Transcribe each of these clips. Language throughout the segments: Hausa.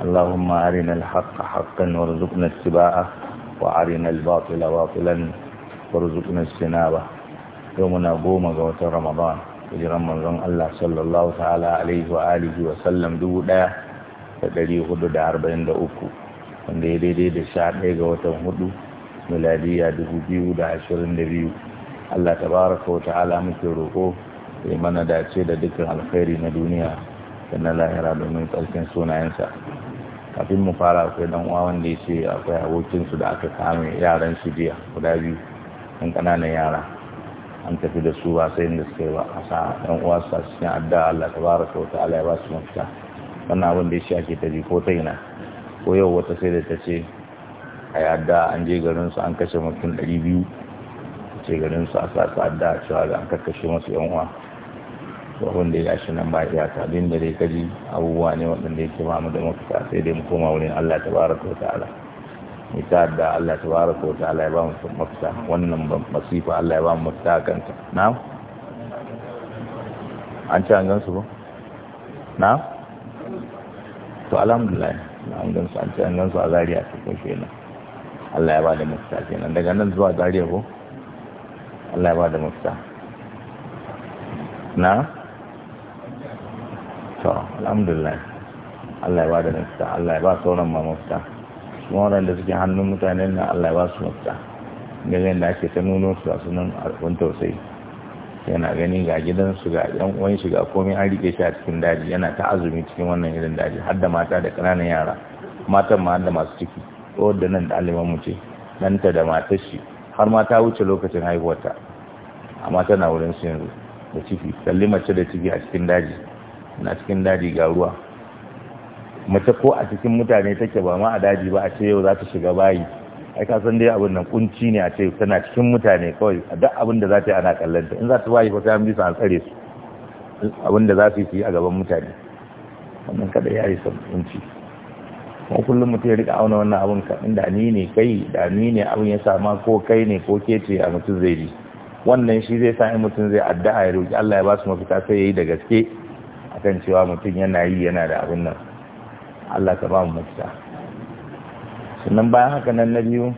اللهم أرنا الحق حقا وارزقنا اتباعه وأرنا الباطل باطلا وارزقنا اجتنابه يومنا قوم قوت رمضان hijiran manzon Allah sallallahu ta'ala alaihi wa alihi wa sallam dubu da ɗari hudu da arba'in da uku wanda ya daidai da sha ɗaya ga watan hudu miladiya dubu biyu da ashirin da biyu Allah tabaraka wa muke roƙo ya mana dace da dukkan alkhairi na duniya da na lahira domin tsarkin sunayensa kafin mu fara akwai dan uwa wanda ya ce akwai abokinsu da aka kame yaran su jiya guda biyu ɗan ƙananan yara an tafi da su ba sai da suka yi ba a sa ɗan uwa su cikin adda Allah ta wata ta'ala ya ba su mafita wannan abin da ya shi ake tafi ko ta ina ko yau wata sai da ta ce a yi adda an je garin su an kashe mutum ɗari biyu ce garin su a sa su cewa da an kakkashe masu yan uwa to abin da ya gashi nan ba ya ta abin da dai kaji abubuwa ne waɗanda yake ba mu da mafita sai dai mu koma wurin Allah tabaraka wa ta'ala mita da Allah tabaraka wa ta'ala ya ba mu mafita wannan masifa Allah ya ba mu mafita kanta na an ci an gansu ba na to alhamdulillah an gansu an ci an gansu a zariya ta kun kenan Allah ya ba da mafita kenan daga nan zuwa zariya ko Allah ya ba da mafita na to alhamdulillah Allah ya ba da mafita Allah ya ba sauran ma mafita kuma waɗanda suke hannun mutanen na Allah ya ba su mafita ganin da ake ta nuno su a sunan alfun tausayi yana gani ga gidansu ga yan uwan shi ga komai an rike shi a cikin daji yana ta azumi cikin wannan irin daji har da mata da ƙananan yara matan ma har da masu ciki ko da nan da aliman mu ce ɗanta da matar shi har ma ta wuce lokacin haihuwarta amma tana wurin su yanzu da ciki kalli mace da ciki a cikin daji na cikin daji ga ruwa mace ko a cikin mutane take ba ma a daji ba a ce yau za ta shiga bayi ai ka san dai abin nan kunci ne a ce tana cikin mutane kawai duk abin da za ta yi ana kallanta in za ta bayi fa sai an bisa an tsare su abin da za su yi a gaban mutane wannan kada ya yi kunci. kuma kullum mutum ya rika auna wannan abin ka inda ni ne kai da ni ne abin ya sama ko kai ne ko ke ce a mutum zai ji wannan shi zai sa in mutum zai addu'a ya roki Allah ya ba su mafita sai ya yi da gaske akan cewa mutum yana yi yana da abin nan Allah ka ba mu mafita sannan bayan haka nan na biyu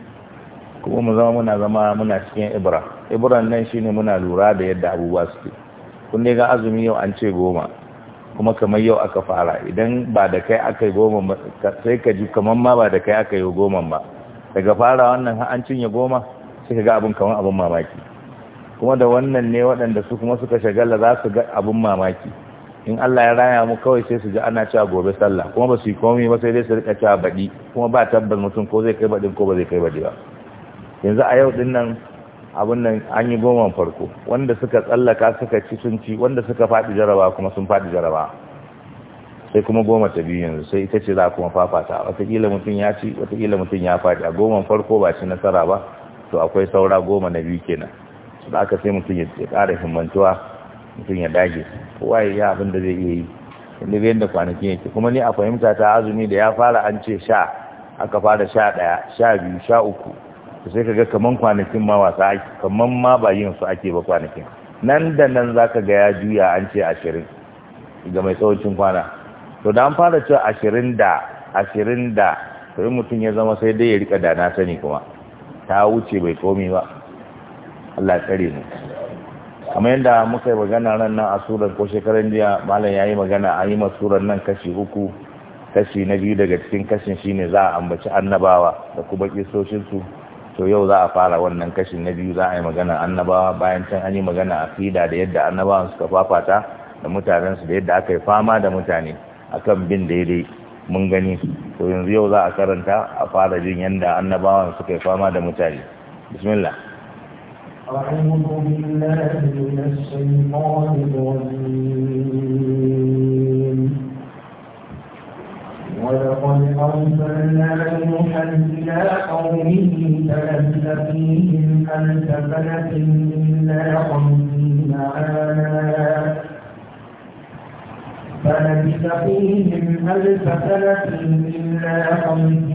kuma mu zama muna zama muna cikin ibra ibran nan shine muna lura da yadda abubuwa suke kun ne ga azumi yau an ce goma kuma kamar yau aka fara idan ba da kai aka yi goma sai ka ji kamar ma ba da kai aka yi goma ba daga fara wannan an cinye goma sai ka ga abin kamar abin mamaki kuma da wannan ne waɗanda su kuma suka shagala za su ga abin mamaki in Allah ya raya mu kawai sai su ji ana cewa gobe sallah kuma ba su yi komai ba sai dai su rika cewa baɗi kuma ba tabbas mutum ko zai kai baɗin ko ba zai kai baɗi ba yanzu a yau din nan abin nan an yi goma farko wanda suka tsallaka suka ci sun ci wanda suka faɗi jaraba kuma sun faɗi jaraba sai kuma goma ta biyu yanzu sai ita ce za kuma fafata watakila mutum ya ci watakila mutum ya faɗi a goma farko ba ci nasara ba to akwai saura goma na biyu kenan da aka sai mutum ya ƙara himmantuwa mutum ya dage kowa ya yi abin da zai iya yi inda zai yadda kwanakin yake kuma ni a fahimta ta azumi da ya fara an ce sha aka fara sha ɗaya sha biyu sha uku to sai kaga kaman kwanakin ma wasa ake kaman ma ba yin su ake ba kwanakin nan da nan zaka ga ya juya an ce ashirin ga mai tsawancin kwana to da an fara cewa ashirin da ashirin da to mutum ya zama sai dai ya rika da na sani kuma ta wuce bai komi ba Allah tsare mu kamar yadda muka yi magana ran nan a surar ko shekarun jiya malam ya yi magana a yi masurar nan kashi uku kashi na biyu daga cikin kashin shine za a ambaci annabawa da kuma kisoshinsu to yau za a fara wannan kashin na biyu za a yi magana annabawa bayan can an yi magana a fida da yadda annabawan suka fafata da mutanensu da yadda aka yi fama da mutane kan bin daidai mun gani to yanzu yau za a karanta a fara jin yadda annabawan suka yi fama da mutane bismillah أعوذ بالله من الشيطان الرجيم ولقد أرسلنا نوحا إلى قومه فلبث فيهم ألف سنة إلا خمسين عاما فلبث فيهم ألف سنة إلا خمسين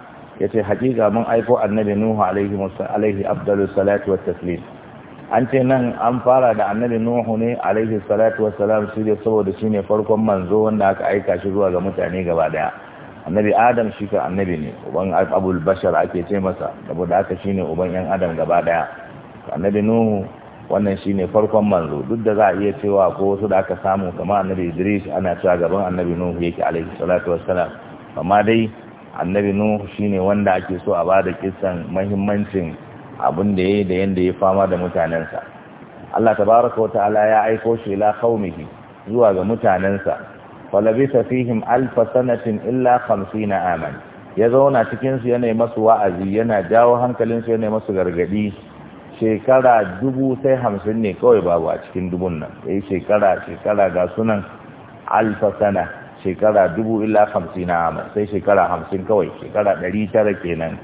yace hakika mun aiko annabi nuhu alaihi alaihi afdalus salatu wat taslim an ce nan an fara da annabi nuhu ne alaihi salatu wassalam shi da saboda shi ne farkon manzo wanda aka aika shi zuwa ga mutane gaba daya annabi adam shi ka annabi ne uban abul bashar ake ce masa saboda haka shi ne uban yan adam gaba daya annabi nuhu wannan shi ne farkon manzo duk da za a iya cewa ko wasu da aka samu kamar annabi idris ana cewa gaban annabi nuhu yake alaihi salatu wassalam amma dai annabi nuhu shine wanda ake so a bada kissan mahimmancin abin da yayi da yanda ya fama da mutanensa Allah tabaaraka ta'ala ya aiko shi ila qaumihi zuwa ga mutanensa falabisa fihim alf sanatin illa 50 aman ya zauna cikin su yana masu wa'azi yana jawo hankalin su yana masu gargadi shekara dubu sai hamsin ne kawai babu a cikin dubun nan yi shekara shekara ga sunan alfasana. shekara dubu illa hamsin na amma sai shekara hamsin kawai shekara ɗari tara kenan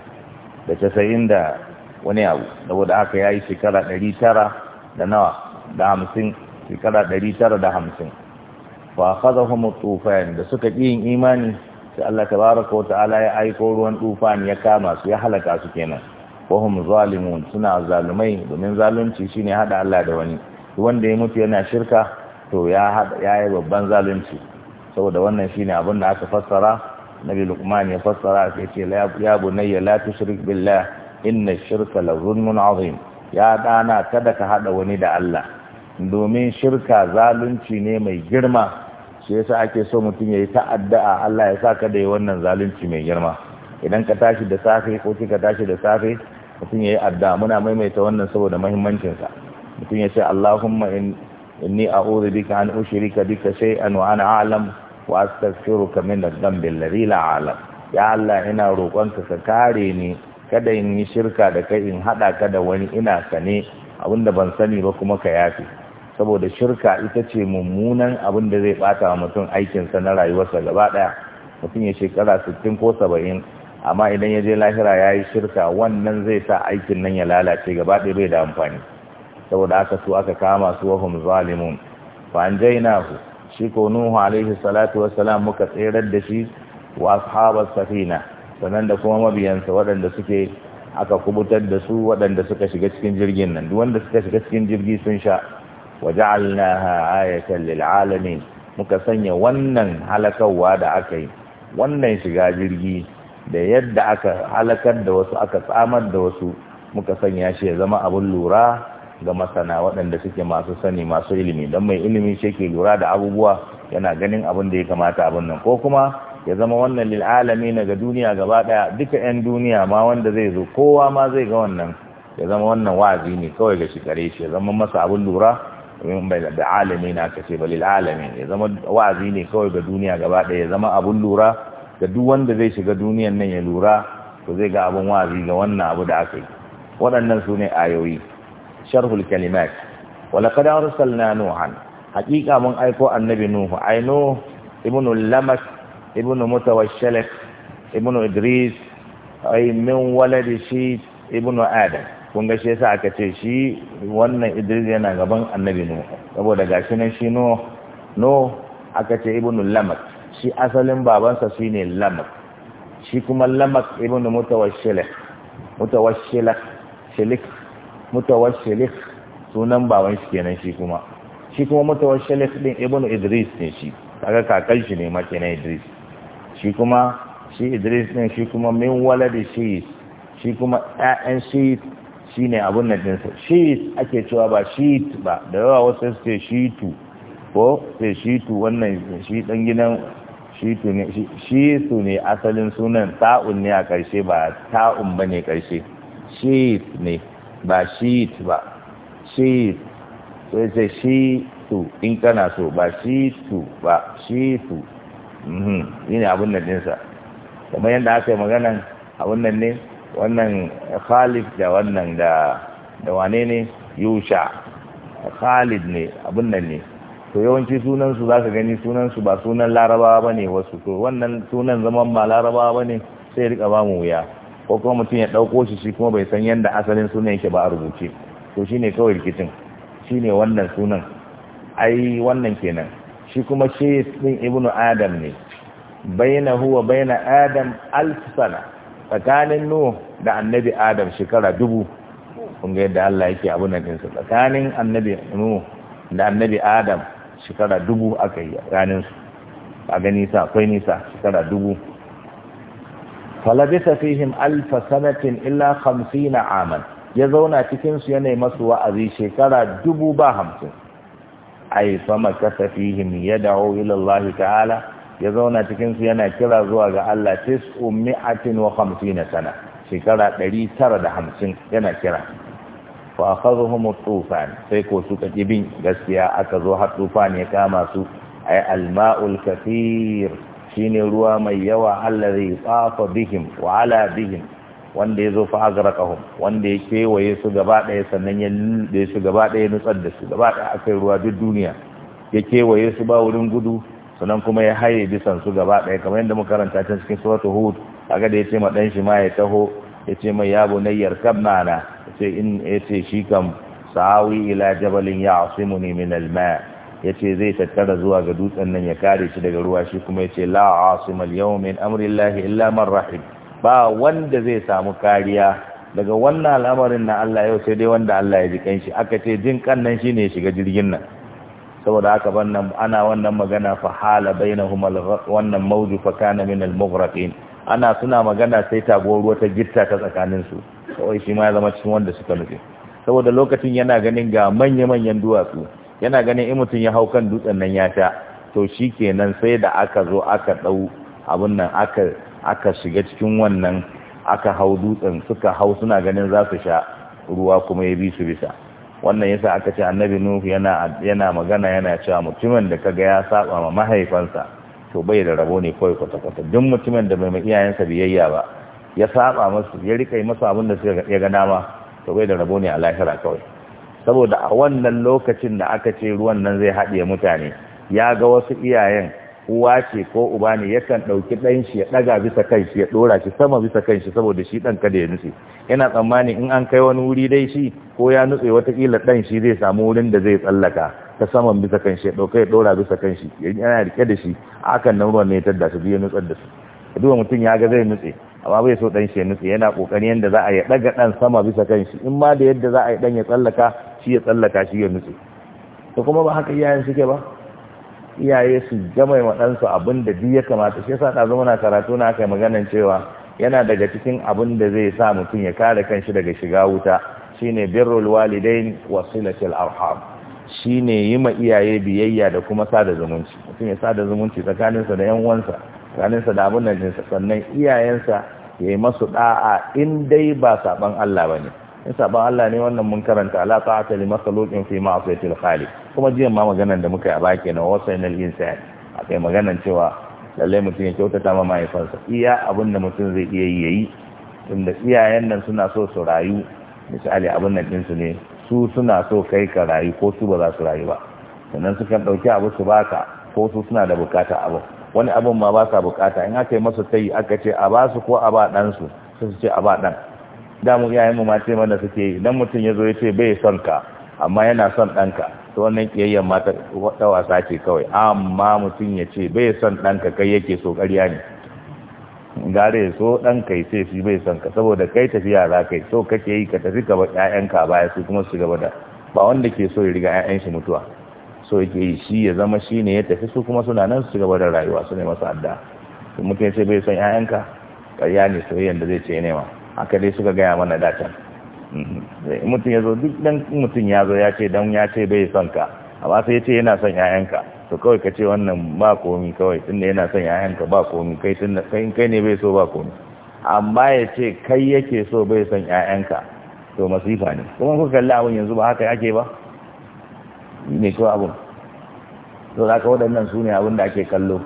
da casa'in da wani abu saboda haka ya yi shekara ɗari tara da nawa da hamsin shekara ɗari tara da hamsin fa kaza homo tufayen da suka ƙi yin imani sai Allah ta baraka ko ta'ala ya aiko ruwan tufani ya kama su ya halaka su kenan wahum zalimun suna zalumai domin zalunci shine hada Allah da wani wanda ya mutu yana shirka to ya yi babban zalunci saboda wannan shine abin da aka fassara nabi lukman ya fassara sai ce ya bunayya la tushrik billah inna shirka la zulmun azim ya dana kada ka hada wani da Allah domin shirka zalunci ne mai girma shi yasa ake so mutum yayi ta'addu'a Allah ya saka da wannan zalunci mai girma idan ka tashi da safe ko kika tashi da safe mutum yayi addu'a muna maimaita wannan saboda muhimmancin sa mutum ya ce Allahumma in inni a'udhu bika an ushrika bika shay'an wa ana alam. wa astaghfiruka min adh-dhanbi alladhi la a'lam ya Allah ina roƙonka ka kare ni kada in yi shirka da kai in hada ka da wani ina sane abinda ban sani ba kuma ka yafi saboda shirka ita ce mummunan abinda zai bata wa mutum aikinsa na rayuwarsa gaba daya mutum ya shekara 60 ko 70 amma idan ya je lahira ya yi shirka wannan zai sa aikin nan ya lalace gaba ɗaya bai da amfani saboda aka so aka kama su wahum zalimun fa anjaynahu shi ko nuhu alaihi salatu salam muka tserar da shi wa ashabar safina sannan da kuma mabiyansa waɗanda suke aka kubutar da su waɗanda suka shiga cikin jirgin nan duk wanda suka shiga cikin jirgi sun sha wa ja'alnaha ayatan lil alamin muka sanya wannan halakawa da aka yi wannan shiga jirgi da yadda aka halakar da wasu aka tsamar da wasu muka sanya shi ya zama abun lura ga masana waɗanda suke masu sani masu ilimi don mai ilimi shi ke lura da abubuwa yana ganin abin da ya kamata abin nan ko kuma ya zama wannan lil'alami na ga duniya gaba ɗaya duka 'yan duniya ma wanda zai zo kowa ma zai ga wannan ya zama wannan wa'azi ne kawai ga shi kare shi ya zama masa abin lura da alami na kashe ba lil'alami ya zama wa'azi ne kawai ga duniya gaba ɗaya ya zama abin lura ga duk wanda zai shiga duniyan nan ya lura to zai ga abin wa'azi ga wannan abu da aka yi waɗannan su ne ayoyi sharhul kalimat ولقد أرسلنا نوحا حقيقة من أيكو النبي نوح أي نوح ابن اللمس ابن متوشلك ابن إدريس min من ولد شيء ابن آدم kun ga shi yasa aka ce shi wannan Idris yana gaban annabi Nuhu saboda gashi nan shi no no aka ce ibnu Lamak shi asalin babansa shine Lamak shi kuma Lamak ibnu Mutawashshilak Mutawashshilak Shilik mutawashilik sunan bawan shi kenan shi kuma shi kuma mutawashilik din ibn idris ne shi kaga kakar shi ne makinan idris shi kuma shi idris din shi kuma min wala da shi shi kuma ƴaƴan shi shi ne abun na dinsa shi ake cewa ba shi ba da yawa wasu suke shi tu ko sai shi tu wannan shi dan gidan shi tu ne asalin sunan ta'un ne a karshe ba ta'un ba ne karshe shi ne ba shi ba shi sai ce shi tu in kana so ba shi tu ba shi tu yi mhm. ne abin nan ɗinsa kamar yadda aka yi maganan abin nan ne wannan khalif da wannan da da wane ne yusha khalid ne abin nan ne to yawanci sunansu za ka gani sunansu ba sunan larabawa ba ne wasu to wannan sunan zaman ba larabawa ba ne sai rika ba mu wuya ko kuma mutum ya ɗauko shi shi kuma bai san yadda asalin sunan yake ba a rubuce to shi ne kawai rikicin shi ne wannan sunan ai wannan kenan shi kuma shi ɗin ibnu adam ne baina huwa baina adam alfisana tsakanin nu da annabi adam shekara dubu kun ga yadda Allah yake abu na ɗinsu tsakanin annabi nu da annabi adam shekara dubu aka yi su a ga nisa akwai nisa shekara dubu falabisa fihim alfa sanatin illa hamsina aman ya zauna cikinsu yanayi masu wa'azi shekara dubu ba hamsin ai sama kasa fihim ya dawo ilallahi ta'ala ya zauna cikinsu yana kira zuwa ga Allah tis'u mi'atin wa hamsina sana shekara ɗari tara da hamsin yana kira fa akhadhuhum tufan sai ko suka bin gaskiya aka zo har tufan ya kama su ai alma'ul kafir shine ruwa mai yawa allazi tsafa bihim wa ala bihim wanda ya zo fa azraqahum wanda ya kewaye su gaba ɗaya sannan ya lullube su gaba ɗaya nutsar da su gaba ɗaya akai ruwa duk duniya ya kewaye su ba wurin gudu sannan kuma ya haye bisan su gaba ɗaya kamar yadda muka karanta ta cikin suratul hud kaga da yace ma dan shi ma ya taho yace mai ya bunayyar kab mana yace in yace shi kam sawi ila jabalin ya'simuni min al-ma' ya ce zai tattara zuwa ga dutsen nan ya kare shi daga ruwa shi kuma ya ce la asima al min amrillahi illa man rahim ba wanda zai samu kariya daga wannan al'amarin na Allah yau sai dai wanda Allah ya ji kanshi aka ce jin kan nan shine ya shiga jirgin nan saboda haka bannan ana wannan magana fa hala bainahum wannan mawju fa kana min al-mughraqin ana suna magana sai ta ruwa ta gitta ta tsakanin su kawai shi ma ya zama cikin wanda suka nufi saboda lokacin yana ganin ga manya-manyan duwatsu yana ganin in mutum ya hau kan dutsen nan ya sha to shi kenan sai da aka zo aka ɗau abin nan aka shiga cikin wannan aka hau dutsen suka hau suna ganin za su sha ruwa kuma ya bi su bisa wannan yasa aka ce annabi nuhu yana magana yana cewa mutumin da kaga ya saba ma mahaifansa to bai da rabo ne kawai kwata kwata duk mutumin da bai ma iyayensa biyayya ba ya saba masu ya rika yi masu abin da suka ya ga dama to bai da rabo ne a lahira kawai saboda a wannan lokacin da aka ce ruwan nan zai haɗe mutane ya ga wasu iyayen uwa ce ko uba ne yakan ɗauki ɗan shi ya ɗaga bisa kan shi ya ɗora shi sama bisa kan shi saboda shi ɗan kada ya nutse yana tsammani in an kai wani wuri dai shi ko ya nutse watakila ɗan shi zai samu wurin da zai tsallaka ta saman bisa kan shi ya ɗauka ya ɗora bisa kan shi yana rike da shi a akan nan ruwan ne ya tadda su biyu nutsar da su duba mutum ya ga zai nutse amma bai so ɗan shi ya nutse yana ƙoƙarin yadda za a ya ɗaga ɗan sama bisa kan shi in ma da yadda za a yi ɗan ya tsallaka shi ya tsallaka shi ya nutse to kuma ba haka iyayen suke ba iyaye su gama ma ɗansu abin da duk ya kamata shi yasa ɗazu muna karatu na aka yi maganan cewa yana daga cikin abin da zai sa mutum ya kare kanshi daga shiga wuta shine birrul walidain wa silatil arham shine yi ma iyaye biyayya da kuma sada zumunci mutum ya sada zumunci tsakaninsa da yan uwansa tsakaninsa da abin nan sannan iyayensa ya yi masu da'a in dai ba saban Allah bane in saban Allah ne wannan mun karanta la ta'ata li makhluqin fi ma'siyatil khaliq kuma jiya ma maganar da muka yi a baki na wasainal insan akai maganar cewa lalle mutum ya kyautata ma mahaifansa iya abin da mutum zai iya yi yayi tunda iyayen nan suna so su rayu misali abin nan ɗinsu ne su suna so kai ka rayu ko su ba za su rayu ba sannan su kan ɗauki abu su baka ko su suna da bukata abu wani abin ma ba sa bukata in aka yi masa tayi aka ce a ba ko a ba ɗansu sai su ce a ba ɗan da mu iyayen mu mace mana suke yi dan mutum ya zo ya ce bai son ka amma yana son ɗanka to wannan kiyayyen mata ta wasa ce kawai amma mutum ya ce bai son ɗanka kai yake so ƙarya ne gare so ɗan kai sai shi bai son ka saboda kai tafiya za kai so kake yi ka tafi gaba ƴaƴanka baya su kuma su gaba da ba wanda ke so ya riga ƴaƴan shi mutuwa so yake yi shi ya zama shi ne ya tafi su kuma suna nan su gaba da rayuwa su ne masu adda mutum ya ce bai son ƴaƴanka ƙarya ne soyayyen da zai ce nema aka dai suka gaya mana datan mhm. mutum ya zo duk dan mutum ya zo ya ce dan ya ce bai son ka amma sai ya ce yana son ya'yanka to kawai ka ce wannan ba komi kawai tunda yana son ya'yanka ba komi kai tunda kai kai ne bai so ba komi amma ya ce kai yake so bai son ya'yanka to masifa ne kuma kuka kalli abun yanzu ba haka yake ba ne ko abun to zaka waɗannan su ne abin da ake kallo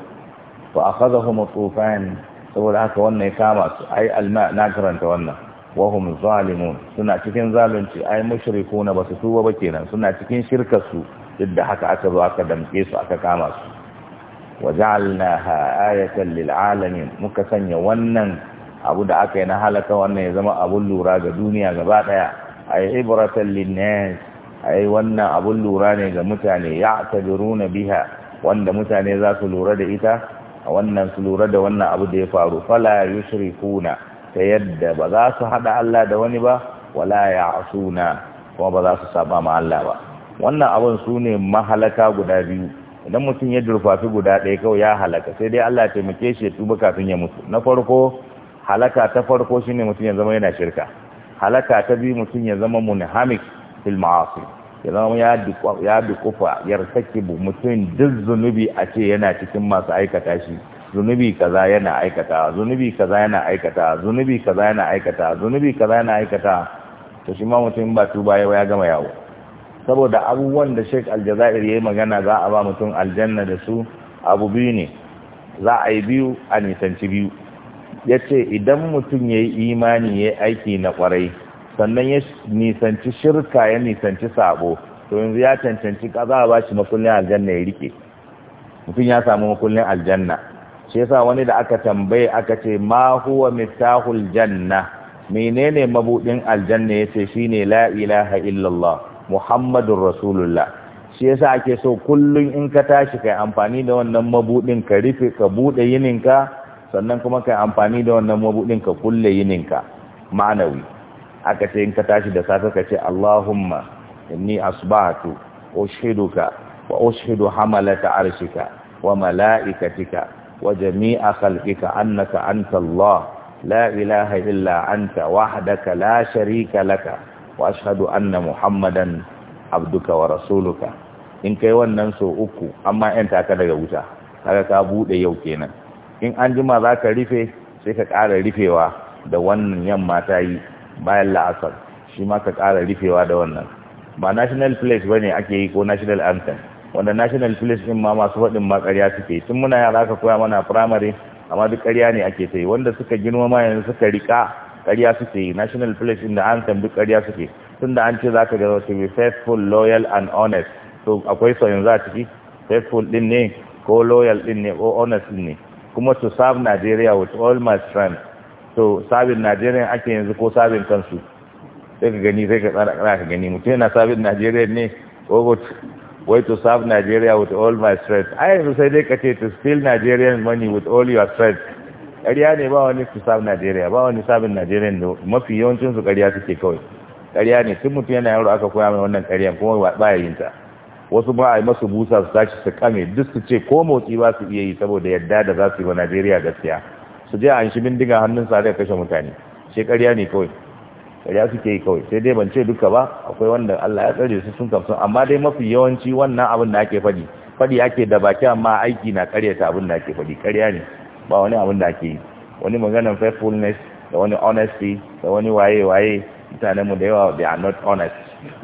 fa akhadhahum tufan saboda haka wannan ya kama su ai alma na karanta wannan wahum zalimun suna cikin zalunci ai na basu tuba ba kenan suna cikin shirkar su duk da haka aka zo aka damke su aka kama su waja'alnaha ayatan lil alamin muka sanya wannan abu da aka yi na halaka wannan ya zama abun lura ga duniya gaba daya ai ibratan lin nas ai wannan abun lura ne ga mutane ya'tabiruna biha wanda mutane za su lura da ita a wannan su lura da wannan abu da ya faru fala yushrikuna ta yadda ba za su hada Allah da wani ba wala ya'suna kuma ba za su saba ma Allah ba wannan abun sune mahalaka guda biyu idan mutum ya durfafi guda ɗaya kawai ya halaka sai dai Allah ya taimake shi ya tuba kafin ya mutu na farko halaka ta farko shine mutum ya zama yana shirka halaka ta biyu mutum ya zama munhamik fil ma'asi ya zama ya dukufa yartakibu mutum duk zunubi a ce yana cikin masu aikata shi zunubi kaza yana aikata zunubi kaza yana aikata zunubi kaza yana aikata zunubi kaza yana aikata to shi ma mutum ba tuba ya gama yawo saboda abubuwan da Sheikh Aljazair yayi magana za a ba mutum aljanna da su abu biyu ne za a yi biyu a nisanci biyu yace idan mutum yayi imani yayi aiki na kwarai sannan ya nisanci shirka ya nisanci sabo to yanzu ya cancanci kaza a shi makullin aljanna ya rike mutum ya samu makullin aljanna shi yasa wani da aka tambaye aka ce ma huwa miftahul janna menene mabudin aljanna yace shine la ilaha illallah muhammadur rasulullah shi yasa ake so kullum in ka tashi kai amfani da wannan mabudin ka rufe ka buɗe yininka sannan kuma kai amfani da wannan mabudin ka kulle yininka ma'anawi aka ce in ka tashi da safe ka ce Allahumma inni asbahtu ushiduka wa ushidu hamalata arshika wa malaikatika wa jami'a khalqika annaka antallah la ilaha illa anta wahdaka la sharika laka wa ashhadu anna Muhammadan abduka wa rasuluka in kai wannan so uku amma yan taka daga wuta kaga ka bude yau kenan in anjima zaka rufe sai ka ƙara rufewa da wannan yamma ta yi bayan la'asar shi ma ka ƙara rufewa da wannan ba national place ba ne ake yi ko national anthem wanda national place ɗin ma masu faɗin ma ƙarya suke tun muna yara ka koya mana primary amma duk ƙarya ne ake ta yi wanda suka girma ma yanzu suka riƙa ƙarya suke yi national place ɗin da anthem duk ƙarya suke tun da an ce za ka ga to be faithful loyal and honest to akwai soyin za a ciki faithful ɗin ne ko loyal ɗin ne ko honest ɗin ne kuma to serve Nigeria with all my strength to sabin najeriya ake yanzu ko sabin kansu sai ka gani sai ka tsara ka gani mutum yana sabin najeriya ne ogot way to serve nigeria with all my strength ai yanzu sai dai ka ce to steal nigerian money with all your strength ƙarya ne ba wani to serve nigeria ba wani sabin Najeriya ne. mafi yawancin su ƙarya suke kawai ƙarya ne tun mutum yana yaro aka koya mai wannan ƙaryan kuma ba ya yin ta wasu ba a yi masu busa su tashi su kame duk su ce ko motsi ba su iya yi saboda yadda da za su yi wa najeriya gaskiya su je a shi bindiga hannun sa da kashe mutane sai ƙarya ne kawai ƙarya suke yi kawai sai dai ban ce duka ba akwai wanda Allah ya tsare su sun kamsu amma dai mafi yawanci wannan abin da ake faɗi faɗi ake da baki amma aiki na ta abin da ake faɗi ƙarya ne ba wani abin da ake yi wani maganar faithfulness da wani honesty da wani waye-waye mutanenmu da yawa they are not honest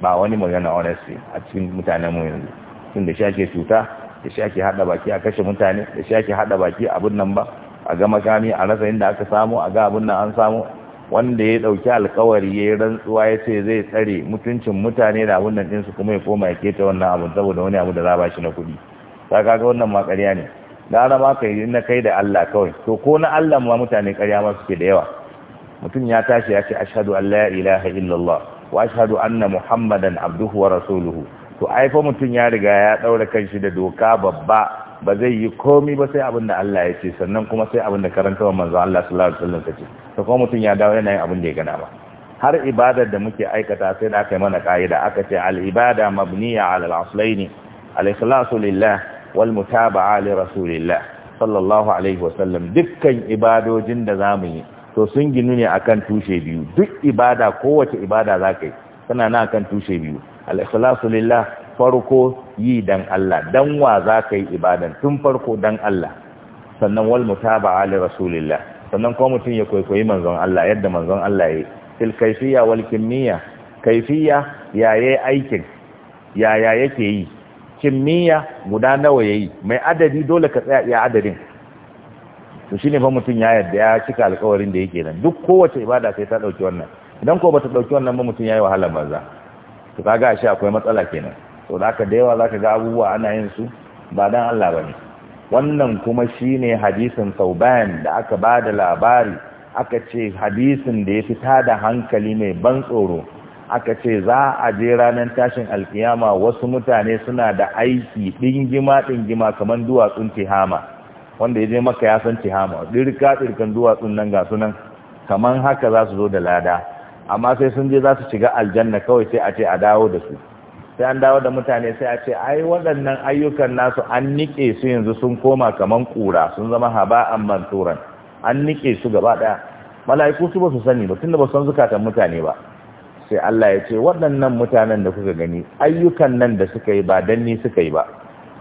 ba wani magana honesty a cikin mutanenmu yanzu tun da shi ake cuta da shi ake haɗa baki a kashe mutane da shi ake haɗa baki abin nan ba a ga makami a rasa da aka samu a ga abin nan an samu wanda ya dauki alkawari ya rantsuwa ya ce zai tsare mutuncin mutane da abin nan ɗinsu kuma ya koma ya keta wannan abin saboda wani abu da za ba shi na kuɗi ta kaga wannan ma ƙarya ne gara ma kai na kai da Allah kawai to ko na Allah ma mutane ƙarya ma suke da yawa mutum ya tashi ya ce ashhadu an la ilaha illallah wa ashhadu anna muhammadan abduhu wa rasuluhu to ai fa mutum ya riga ya daura kanshi da doka babba ba zai yi komi ba sai abin da Allah ya ce sannan kuma sai abin da karantawa manzo Allah sallallahu alaihi wasallam ce to kuma mutum ya dawo yana yin abin da ya gana ba har ibadar da muke aikata sai da aka yi mana ka'ida aka ce al ibada mabniya ala al aslaini al ikhlasu lillah wal mutaba'a li rasulillah sallallahu alaihi wasallam dukkan ibadojin da zamu yi to sun ginu ne akan tushe biyu duk ibada kowace ibada zaka tana na akan tushe biyu al ikhlasu lillah farko yi dan Allah dan wa za ka yi ibadan tun farko dan Allah sannan wal mutaba ali rasulillah sannan ko mutum ya koyi manzon Allah yadda manzon Allah ya fil kaifiya wal kimiyya kaifiya yi aikin yaya yake yi kimiyya guda nawa yayi mai adadi dole ka tsaya ya adadin to shine fa mutum ya yadda ya cika alƙawarin da yake nan duk kowace ibada sai ta dauki wannan idan ko bata dauki wannan ba mutum yayi wahala banza to kaga shi akwai matsala kenan to da aka da yawa za ka ga abubuwa ana yin su ba don Allah ba ne wannan kuma shi ne hadisin sauban da aka ba da labari aka ce hadisin da ya fita da hankali mai ban tsoro aka ce za a je ranar tashin alkiyama wasu mutane suna da aiki ɗingima-ɗingima kamar duwatsun tihama wanda ya je maka ya san tihama ɗirka-ɗirkan duwatsun nan ga sunan kamar haka za su zo da lada amma sai sun je za su shiga aljanna kawai sai a ce a dawo da su sai an dawo da mutane sai a ce ai waɗannan ayyukan nasu an nike su yanzu sun koma kaman kura sun zama haba'an manturan an nike su gaba ɗaya mala'iku su ba su sani ba tunda ba san zukatan mutane ba sai Allah ya ce waɗannan mutanen da kuka gani ayyukan nan da suka yi ba dan ni suka yi ba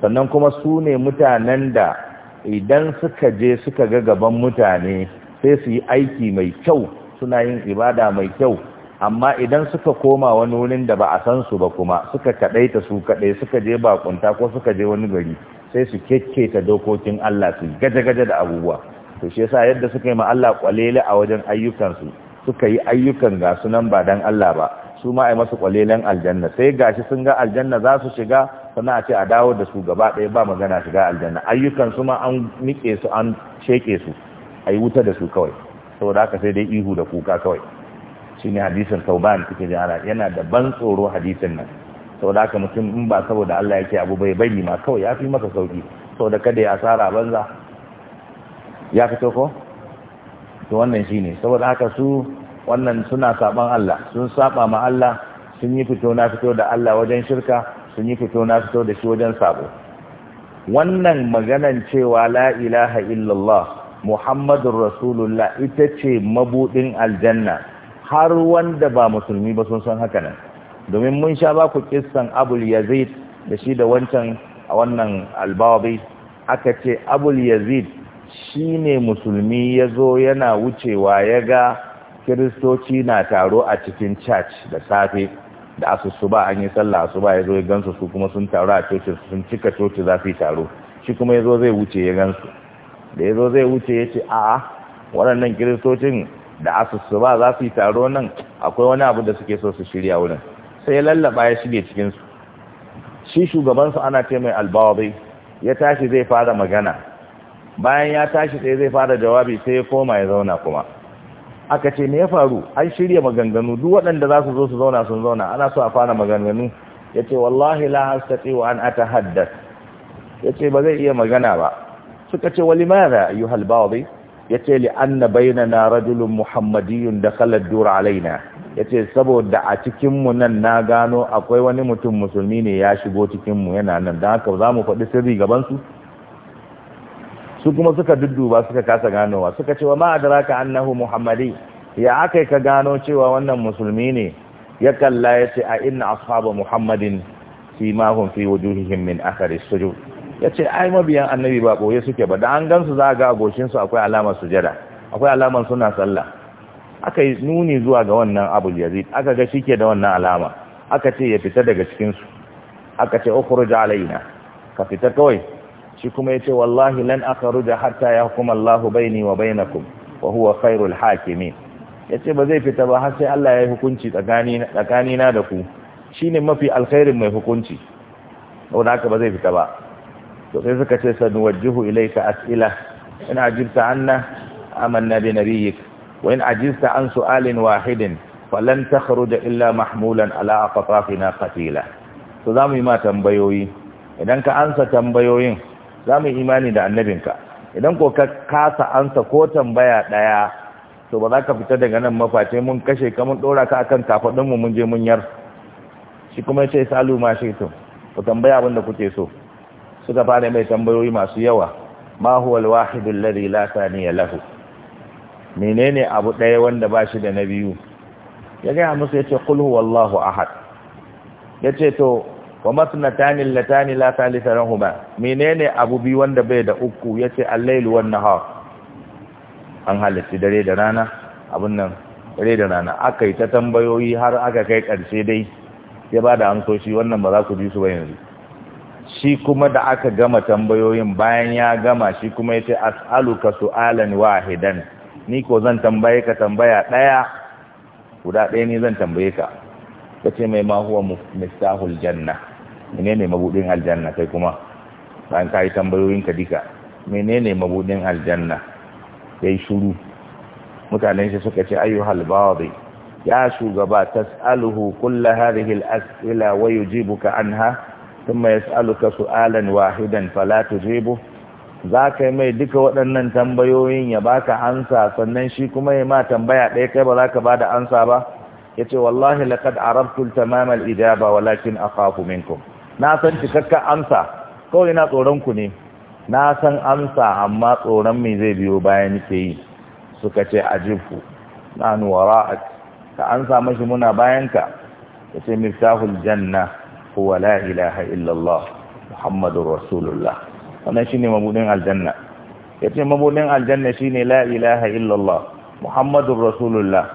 sannan kuma su ne mutanen da idan suka je suka ga gaban mutane sai su yi aiki mai kyau suna yin ibada mai kyau amma idan suka koma wani wurin da ba a san su ba kuma suka kadaita su kadai suka je bakunta ko suka je wani gari sai su kekketa dokokin Allah su gaje-gaje da abubuwa to shi yasa yadda suka yi ma Allah kwalele a wajen ayyukan su suka yi ayyukan ga sunan ba dan Allah ba su ma ai masu kwalelen aljanna sai gashi sun ga aljanna za su shiga sana a ce a dawo da su gaba ɗaya ba magana shiga aljanna ayyukan su ma an nike su an sheke su yi wuta da su kawai saboda haka sai dai ihu da kuka kawai ne hadisin tauban kike ji ana yana da ban tsoro hadisin nan sau da aka mutum in ba saboda Allah yake abu bai bayi ma kawai ya fi maka sauki da kada ya asara banza ya fito ko to wannan shi ne saboda aka su wannan suna saban Allah sun saba ma Allah sun yi fito na fito da Allah wajen shirka sun yi fito na fito da shi wajen sabo wannan maganan cewa la ilaha illallah muhammadur rasulullah ita ce mabudin aljanna har wanda ba musulmi ba sun san haka nan domin mun sha ba ku kissan abul yazid da shi da wancan a wannan albawabi aka ce abul yazid shi ne musulmi ya zo yana wucewa ya ga kiristoci na taro a cikin church da safe da asusuba an yi sallah asuba ya zo ya gansu su kuma sun taru a coci sun cika coci za su yi taro shi kuma ya zo zai wuce ya gansu da ya zo zai wuce ya ce a'a waɗannan kiristocin da asusu ba za su yi taro nan akwai wani abu da suke so su shirya wurin sai lallaba ya shige cikinsu shi shugabansu ana ce mai albawabai ya tashi zai fara magana bayan ya tashi sai zai fara jawabi sai ya koma ya zauna kuma aka ce me ya faru an shirya maganganu duk waɗanda za su zo su zauna sun zauna ana so a fara maganganu ya ce wallahi la hastati wa an atahaddath ya ce ba zai iya magana ba suka ce wali ma za ayyuhal bawabai ya ce li'anna bayna na rajulun muhammadiyun da kalar dura alaina ya ce saboda a cikinmu nan na gano akwai wani mutum musulmi ne ya shigo cikinmu yana nan don haka za mu faɗi sirri gabansu su kuma suka dudduba suka kasa ganowa suka cewa ma adraka annahu muhammadi ya aka ka gano cewa wannan musulmi ne ya kalla ya ce a inna ashabu muhammadin mahun fi wujuhihim min akhari sujud ya ce ai mabiyan annabi ba ɓoye suke ba da an gansu za a ga agoshinsu akwai alamar sujada akwai alamar suna sallah aka yi nuni zuwa ga wannan abu yazid aka ga shi ke da wannan alama aka ce ya fita daga cikinsu aka ce da alaina ka fita kawai shi kuma ya ce wallahi lan akhruja ya yahkum Allahu baini wa kum wa huwa khairul ya ce ba zai fita ba har sai Allah ya yi hukunci tsakanina da ku shine mafi alkhairin mai hukunci wanda haka ba zai fita ba to sai suka ce sanuwajjihu ilayka as'ila in ajibta anna amanna bi nabiyyik wa in ajibta an su'alin wahidin falan takhruja illa mahmulan ala aqtafina qatila to zamu yi ma tambayoyi idan ka ansa tambayoyin zamu imani da annabinka idan ko ka kasa ansa ko tambaya daya to ba za ka fita daga nan maface mun kashe ka mun dora ka akan kafadun mu mun je mun yar shi kuma ya ce salu ma shi to ku tambaya abin da kuke so suka fara mai tambayoyi masu yawa ma huwa alwahid alladhi la thaniya lahu menene abu ɗaya wanda ba shi da na biyu ya ga musu ya ce huwallahu ahad yace to wa Tani latani la thalitha lahuma menene abu bi wanda bai da uku yace al-lailu wan nahar an halitta dare da rana abun nan dare da rana aka ta tambayoyi har aka kai karshe dai ya bada amsoshi wannan ba za ku ji su ba yanzu shi kuma da aka gama tambayoyin bayan ya gama shi kuma ya ce as'aluka su'alan wahidan ni ko zan tambaye ka tambaya ɗaya guda ɗaya ne zan tambaye ka ka ce mai ma huwa miftahul janna menene mabudin aljanna kai kuma bayan ka yi tambayoyin ka dika menene mabudin aljanna yi shuru mutanen shi suka ce ayyuhal badi ya shugaba tas'aluhu kull hadhihi al-as'ila wa yujibuka anha ثم يسألك سؤالا wahidan فلا تجيبه za ka yi mai duka waɗannan tambayoyin ya baka ansa sannan shi kuma ya ma tambaya ɗaya kai ba za ka da ansa ba Ya ce wallahi laqad arabtu tamam al-ijaba walakin akhafu minkum na san cikakken amsa kawai na tsoron ku ne na san amsa amma tsoron mai zai biyo bayan ke yi suka ce ajibu Na nuwara ka ansa mashi muna bayanka yace miftahul janna huwa la ilaha illallah muhammadur rasulullah wannan shine mabudin aljanna yace mabudin aljanna shine la ilaha illallah muhammadur rasulullah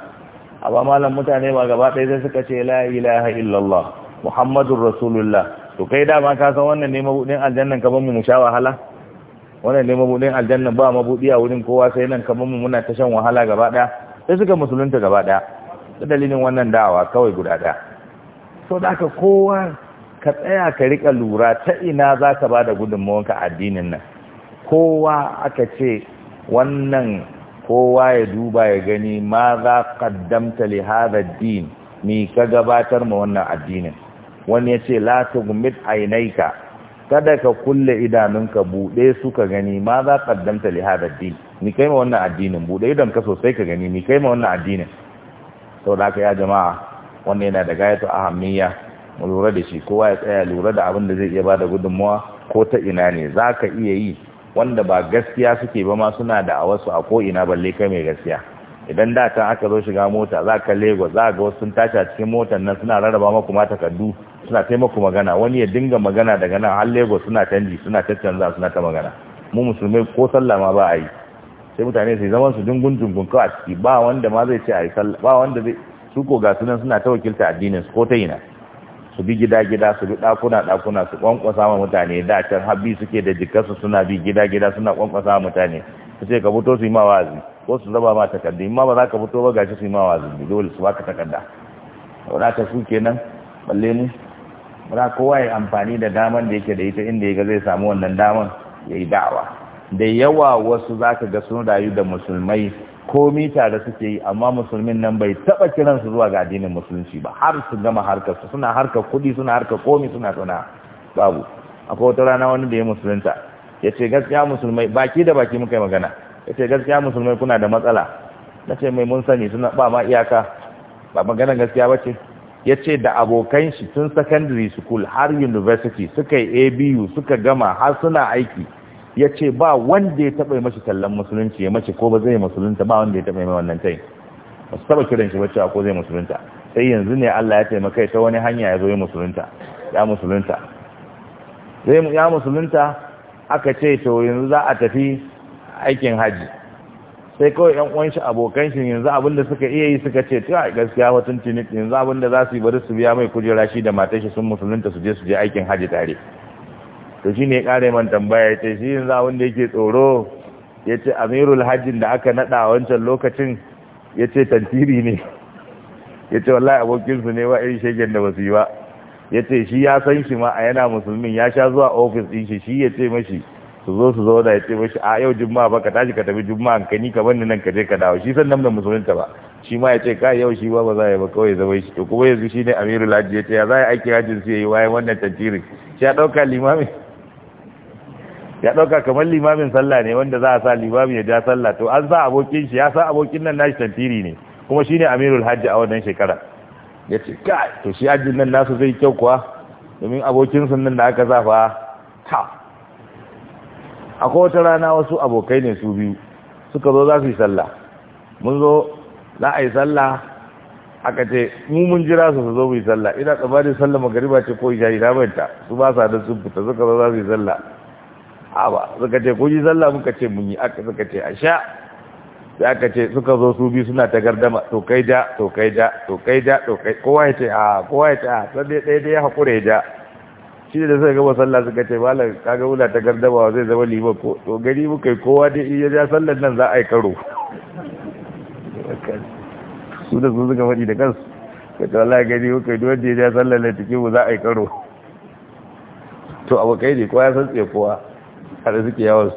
amma malam mutane ba gaba ɗaya sai suka ce la ilaha illallah muhammadur rasulullah to kai da dama ka san wannan ne mabudin aljanna ka ban mu sha wahala wannan ne mabudin aljanna ba mabudi a wurin kowa sai nan kaman mu muna ta shan wahala gaba ɗaya sai suka musulunta gaba ɗaya da dalilin wannan da'awa kawai guda ɗaya so da aka kowa ka tsaya ka rika lura ta ina za ka ba da gudunmawanka addinin nan kowa aka ce wannan kowa ya duba ya gani ma za kaddamta damta lihada din mai ka gabatar ma wannan addinin wani ya ce la ainaika kada ka kulle idanunka buɗe su gani ma za kaddamta damta lihada din mai kai ma wannan addinin buɗe idan ka sosai ka gani mai kai ma wannan addinin sau da aka ya jama'a wannan yana da gayatu ahammiya lura da shi kowa ya tsaya lura da abin da zai iya bada gudunmawa ko ta ina ne za ka iya yi wanda ba gaskiya suke ba ma suna da a wasu a ko ina balle kai mai gaskiya idan da ta aka zo shiga mota za ka lego za ga wasu sun tashi a cikin motar nan suna rarraba maku ma takardu suna taimaku magana wani ya dinga magana daga nan har lego suna canji suna caccanza suna ta magana mu musulmai ko sallah ma ba a yi sai mutane su zaman su dungun dungun kawai a ciki ba wanda ma zai ce a yi sallah ba wanda zai su ko ga sunan suna ta wakilta addinin su ko ta ina su bi gida-gida su bi ɗakuna-ɗakuna su kwankwasa wa mutane da can habi suke da jikarsu suna bi gida-gida suna kwankwasa ma mutane su ce ka fito su yi ma wazi ko su zaba ma takardu in ma ba za ka fito ba shi su yi ma wazi dole su baka takarda wadata su kenan balle mu ba kowa ya amfani da daman da yake da ita inda ya ga zai samu wannan daman ya yi da'awa da yawa wasu za ka ga sun rayu da musulmai komi tare suke yi amma musulmin nan bai taba kiransu zuwa ga addinin musulunci ba har su gama harkar su suna harkar kudi suna harkar komi suna suna babu akwai wata rana wani da ya musulunta ya ce gaskiya musulmai baki da baki muka yi magana ya ce gaskiya musulmai kuna da matsala na ce mai mun sani suna ba ma iyaka ba magana gaskiya ba ce ya ce da abokan shi tun secondary school har university suka yi abu suka gama har suna aiki ya ce ba wanda ya taɓa mashi tallan musulunci ya mace ko ba zai musulunta ba wanda ya taɓa mai wannan tai ba su taɓa kiran shi ba cewa ko zai musulunta sai yanzu ne Allah ya taimaka ta wani hanya ya zo ya musulunta ya musulunta zai ya musulunta aka ce to yanzu za a tafi aikin haji sai kawai yan uwan shi abokan shi yanzu abin da suka iya yi suka ce to gaskiya watan tinit yanzu abin da za su yi bari su biya mai kujera shi da matar shi sun musulunta su je su je aikin haji tare to shi ne ƙare man tambaya ya ce shi yin za wanda yake tsoro ya ce amirul hajjin da aka naɗa a wancan lokacin ya ce tantiri ne ya ce wallahi abokinsu ne wa irin shegen da ba su yi ba ya ce shi ya san shi ma a yana musulmin ya sha zuwa ofis ɗin shi shi ya ce mashi su zo su zo da. ya ce mashi a yau juma'a ba ka tashi ka tafi juma'a ka ni ka bani nan ka je ka dawo shi san nan da musulunta ba shi ma ya ce ka yau shi ba ba za yi ba kawai zama shi to kuma yanzu shi ne amirul hajji ya ce ya za a aiki hajjin su ya yi wayan wannan tantirin shi ya ɗauka limamin ya ɗauka kamar limamin sallah ne wanda za a sa limamin ya ja sallah to an sa abokin shi ya sa abokin nan nashi tantiri ne kuma shine amirul hajji a wannan shekara ya ce kai to shi hajjin nan nasu zai kyau kuwa domin abokin sun nan da aka zafa ta akwai wata rana wasu abokai ne su biyu suka zo za su yi sallah mun zo za a yi sallah aka ce mu mun jira su su zo mu yi sallah ina tsammanin sallah magariba ce ko isha ina manta su ba sa da sun fita suka zo za su yi sallah awa suka ce kuji sallah muka ce mun yi aka suka ce asha sai aka ce suka zo su biyu suna ta gardama to kai da to kai da to kai da to kai kowa ya ce a kowa ya ce a sai dai dai ya hakure ya shi da sai ga sallah suka ce malam kaga wula ta gardama zai zama liman ko to gari muka yi kowa dai iya ja sallar nan za a yi karo su da su suka faɗi da kansu ka ce wallahi gari muka yi duk wanda ya ja sallar nan cikin mu za a yi karo to abokai ne kowa ya san tsaye kowa har suke yawon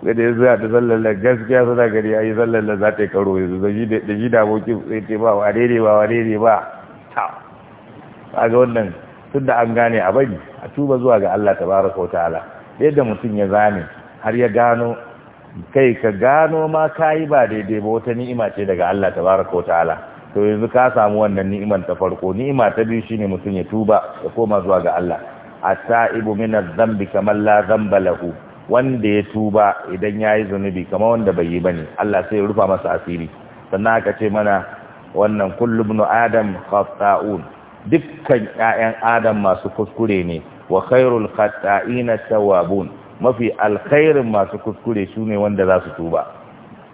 su ga da ya zuwa da zallalla gaskiya suna gari a yi zallalla za ta yi karo yanzu da shi da abokin sai ce ba wa daidai ba wa daidai ba ta a ga wannan tun da an gane a bari a tuba zuwa ga Allah ta baraka wa ta'ala yadda mutum ya zane har ya gano kai ka gano ma ka yi ba daidai ba wata ni'ima ce daga Allah ta baraka wa ta'ala to yanzu ka samu wannan ni'iman ta farko ni'ima ta biyu shine mutum ya tuba ya koma zuwa ga Allah asa'ibu min adh-dhanbi kaman la dhanba lahu wanda ya tuba idan yayi zunubi kamar wanda bai yi bane Allah sai ya rufa masa asiri sannan aka ce mana wannan kullu ibn adam khata'un dukkan ƴaƴan adam masu kuskure ne wa khairul khata'ina tawabun mafi alkhairin masu kuskure shine wanda za su tuba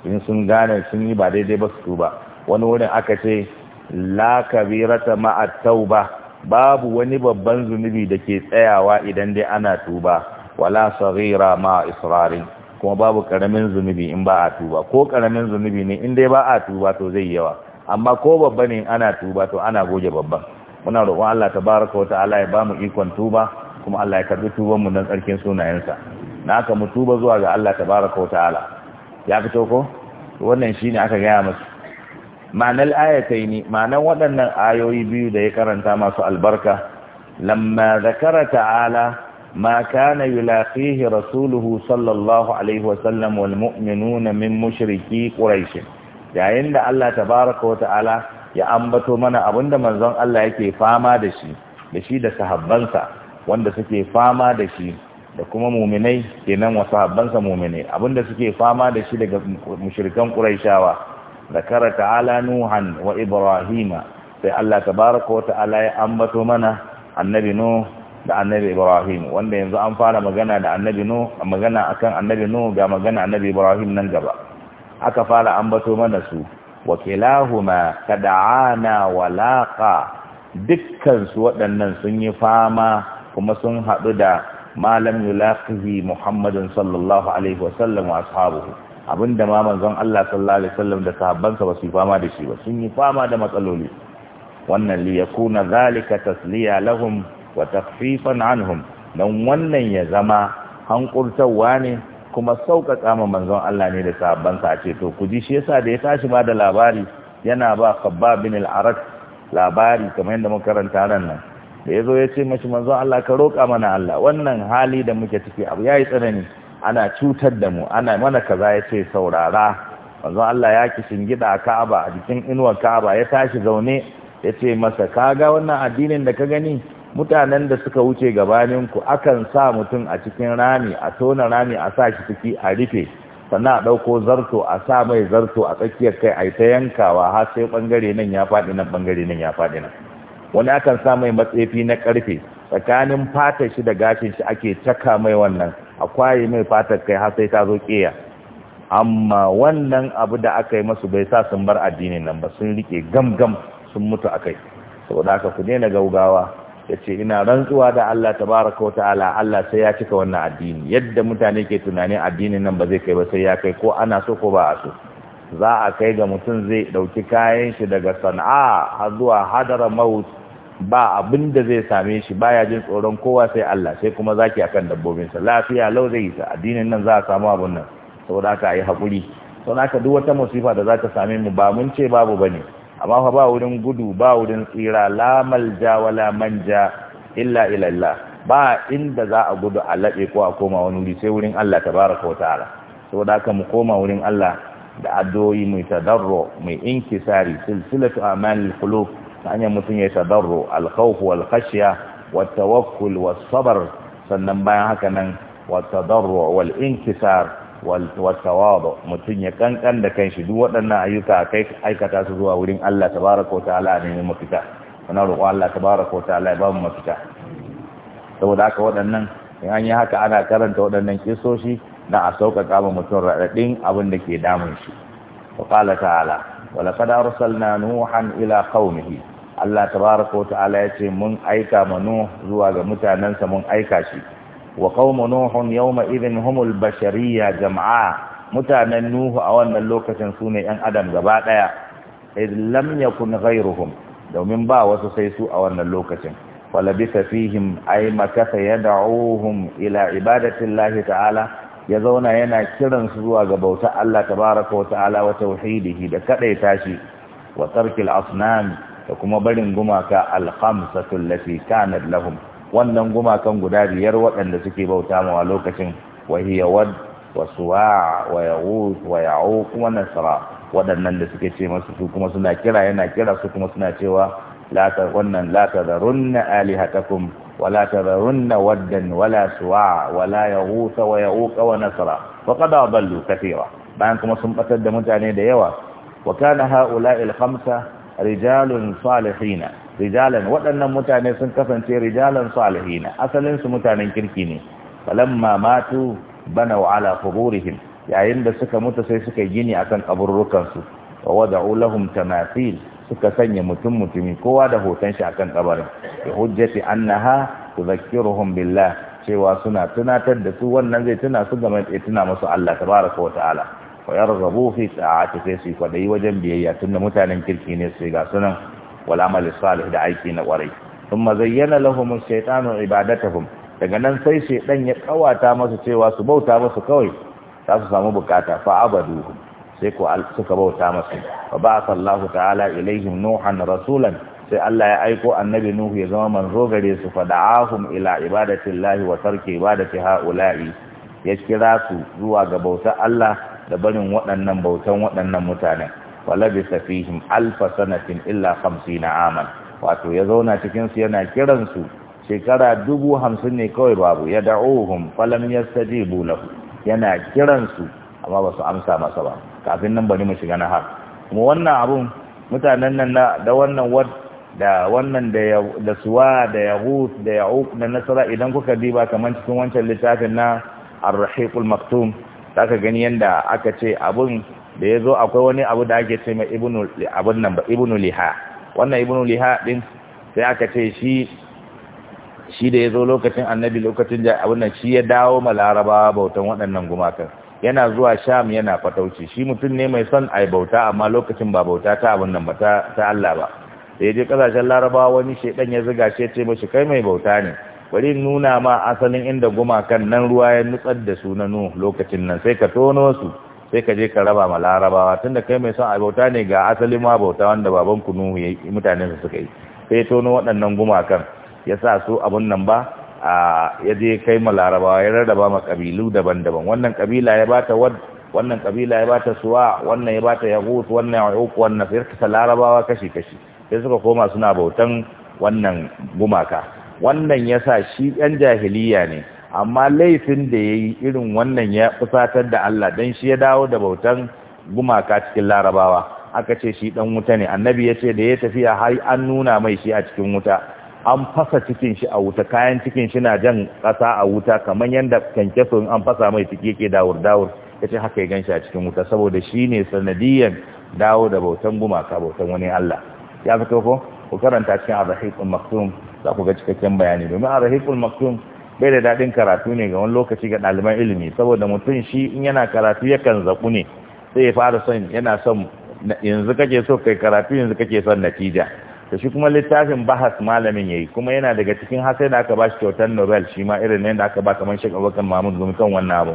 in sun gane sun yi ba daidai ba su tuba wani wurin aka ce la kabirata ma'a tauba babu wani babban zunubi da ke tsayawa idan dai ana tuba wala sagira ma israrin kuma babu karamin zunubi in ba a tuba ko karamin zunubi ne in dai ba a tuba to zai yawa amma ko babba ne ana tuba to ana goge babban muna roƙon Allah tabaraka wata'ala ya bamu ikon tuba kuma Allah ya karbi tuban mu nan tsarkin sunayensa na aka mu tuba zuwa ga Allah tabaraka wata'ala ya fito ko wannan shine aka gaya masa ma'anar ayatai ne ma'anar waɗannan ayoyi biyu da ya karanta masu albarka lamma zakara ta'ala ma kana yulaqihi rasuluhu sallallahu alaihi wasallam wal mu'minuna min mushriki quraish yayin da Allah tabaraka wa ta'ala ya ambato mana abinda manzon Allah yake fama da shi da shi da sahabbansa wanda suke fama da shi da kuma muminai kenan wa sahabbansa muminai abinda suke fama da shi daga mushrikan quraishawa ذكر تعالى نوحا وإبراهيم في الله تبارك وتعالى أمت منا النبي نوح da annabi Ibrahim wanda yanzu an fara magana da annabi Nuh magana akan annabi nu ga magana annabi Ibrahim nan gaba aka fara ambato mana su wa kilahuma tad'ana wa dukkan su waɗannan sun yi fama kuma sun haɗu da malam yulaqihi Muhammadin sallallahu alaihi wa sallam wa ashabuhu abinda ma manzon Allah sallallahu alaihi wasallam da sahabbansa ba su yi fama da shi ba sun yi fama da matsaloli wannan li yakuna zalika tasliya lahum wa takhfifan anhum dan wannan ya zama hankurtawa ne kuma sauƙaƙa ma manzon Allah ne da sahabbansa a ce to ku ji shi yasa da ya tashi ma da labari yana ba Khabbab bin al-Arat labari kamar yadda muka karanta ran nan da yazo ya ce mashi manzon Allah ka roƙa mana Allah wannan hali da muke ciki abu yayi tsanani ana cutar da mu ana mana kaza ya ce saurara manzon Allah ya shingida gida Ka'aba a jikin inuwar Ka'aba ya tashi zaune ya ce masa kaga wannan addinin da ka gani mutanen da suka wuce gabanin ku akan sa mutum a cikin rami a tona rami a sa shi ciki a rufe sannan a ɗauko zarto a sa mai zarto a tsakiyar kai a ta yankawa har sai ɓangare nan ya faɗi nan ɓangare nan ya faɗi nan wani akan sa mai matsefi na ƙarfe tsakanin fata shi da gashin shi ake caka mai wannan Akwai mai fatar kai har sai ta zo kiya amma wannan abu da aka yi masu bai sa sun bar addinin nan ba sun rike gam-gam sun mutu akai saboda haka ku daina gaugawa ya ce ina rantsuwa da Allah tabaraka wa ta'ala Allah sai ya cika wannan addini yadda mutane ke tunanin addinin nan ba zai kai ba sai ya kai ko ana so ko ba a so za a kai ga mutum zai dauki kayan shi daga sana'a har zuwa hadara maut ba abin da zai same shi ba ya jin tsoron kowa sai Allah sai kuma zaki akan dabbobinsa lafiya lau zai yi addinin nan za a samu abin nan saboda haka yi haƙuri saboda aka duk wata musifa da za ta same mu ba mun ce babu bane amma fa ba wurin gudu ba wurin tsira la malja wala manja illa ila ba inda za a gudu a laɓe ko a koma wani wuri sai wurin Allah tabaraka wa ta'ala saboda haka mu koma wurin Allah da addu'o'i mai tadarro mai inkisari silsilatu amalil qulub ta hanyar mutum ya tadarru al-khawf wal khashya wat tawakkul was sabr sannan bayan haka nan wat tadarru wal inkisar والتواضع mutum ya kankan da kanshi duk waɗannan ayyuka kai aikata su zuwa wurin Allah tabaraka wa ta'ala ne mu mafita wannan roƙo Allah tabaraka wa ta'ala ba mu mafita saboda haka waɗannan in an yi haka ana karanta waɗannan kisoshi na a sauƙaƙa ma mutum raɗaɗin abin da ke damun shi wa qala ta'ala wa laqad arsalna nuhan ila qaumihi Allah tabaraka ta'ala ya ce mun aika ma zuwa ga mutanensa mun aika shi wa qaumu nuhun yawma idhin humul bashariyya jam'a mutanen Nuhu a wannan lokacin sune yan adam gaba daya id lam yakun ghayruhum domin ba wasu sai su a wannan lokacin falabisa fihim ay makasa yad'uhum ila ibadati Allah ta'ala ya zauna yana kiran su zuwa ga bautar Allah tabaraka wa ta'ala wa tauhidihi da kadaita shi wa tarkil asnam da kuma barin gumaka alhamsatul lati kanat lahum wannan gumakan guda biyar waɗanda suke bauta mawa lokacin wahiya wad wa suwa wa yaghut wa ya'uq wa nasra waɗannan da suke ce masu su kuma suna kira yana kira su kuma suna cewa la ta wannan la tadarunna alihatakum wa la tadarunna waddan wa la suwa wa la yaghut wa ya'uq wa nasra wa qad adallu kathira bayan kuma sun batar da mutane da yawa wa kana ha'ula'il khamsa rijalun salihina rijalan waɗannan mutane sun kasance rijalan salihina asalinsu mutanen kirki ne falamma matu banau ala quburihim yayin da suka mutu sai suka gini akan kaburrukansu su wa wada'u lahum tamathil suka sanya mutum mutumi kowa da hoton shi akan kabarin bi hujjati annaha tudhakkiruhum billah cewa suna tunatar da su wannan zai tuna su game da tuna musu Allah tabaraka wa ta'ala wa yarghabu fi sa'ati sai su kwadayi wajen biyayya tunda mutanen kirki ne sai ga sunan wal amali salih da aiki na kwarai thumma zayyana lahum ash-shaytanu ibadatahum daga nan sai shaydan ya kawata masu cewa su bauta masu kawai za su samu bukata fa abadu sai ko suka bauta masu fa ba'atha Allahu ta'ala ilaihim nuhan rasulan sai Allah ya aiko annabi Nuhu ya zama manzo gare su fa da'ahum ila ibadati Allah wa tarki ibadati ha'ula'i ya kira su zuwa ga bautar Allah da barin waɗannan bautan waɗannan mutanen walabisa fihim alfa sanatin illa na aman wato ya zauna cikinsu yana kiransu. shekara dubu hamsin ne kawai babu ya da'uhum falam yastajibu lahu yana kiransu. amma ba su amsa masa ba kafin nan bari mu shiga na har kuma wannan abun mutanen nan da wannan wad da wannan da da suwa da yahud da ya'uq da nasara idan kuka diba kamar cikin wancan littafin na ar maktum ta ka gani yadda aka ce abun da ya zo akwai wani abu da ake ce mai abun liha wannan ibnu liha din sai aka ce shi da ya zo lokacin annabi lokacin da abun nan shi ya dawo ma laraba bautan waɗannan gumakan yana zuwa sham yana fatauci shi mutum ne mai son ai bauta amma lokacin ba bauta ta abun nan ba ta Allah ba da ya je kasashen laraba wani shaɗan ya ziga shi ya ce mashi kai mai bauta ne bari nuna ma asalin inda gumakan nan ruwa ya nutsar da su na nu lokacin nan sai ka tono su sai ka je ka raba ma larabawa tunda kai mai son a ne ga asalin ma bauta wanda baban ku nuhu ya yi mutanen su suka yi sai tono waɗannan gumakan ya sa su abun nan ba a ya je kai ma larabawa ya rarraba ma kabilu daban-daban wannan kabila ya bata wad wannan kabila ya bata suwa wannan ya bata yaghus wannan yauq wannan sai larabawa kashi kashi sai suka koma suna bautan wannan gumaka wannan ya sa shi ɗan jahiliya ne amma laifin da ya yi irin wannan ya fusatar da Allah don shi ya dawo da bautan gumaka cikin larabawa aka ce shi ɗan wuta ne annabi ya ce da ya tafiya har an nuna mai shi a cikin wuta an fasa cikin shi a wuta kayan cikin shi na jan ƙasa a wuta kamar yadda kyankyaso an fasa mai ciki ke dawur dawur ya ce haka ya gan a cikin wuta saboda shi ne sanadiyan dawo da bautan gumaka bautan wani Allah ya fi ko ku karanta cikin arhaik maktum za ku ga cikakken bayani domin a rahiful maktum bai da daɗin karatu ne ga wani lokaci ga ɗaliban ilimi saboda mutum shi in yana karatu yakan zaku ne sai ya fara son yana son yanzu kake so kai karatu yanzu kake son natija da shi kuma littafin bahas malamin yayi kuma yana daga cikin hasai da aka bashi kyautar nobel shi ma irin ne da aka ba kamar shi abokan mahmud gumi kan wannan abu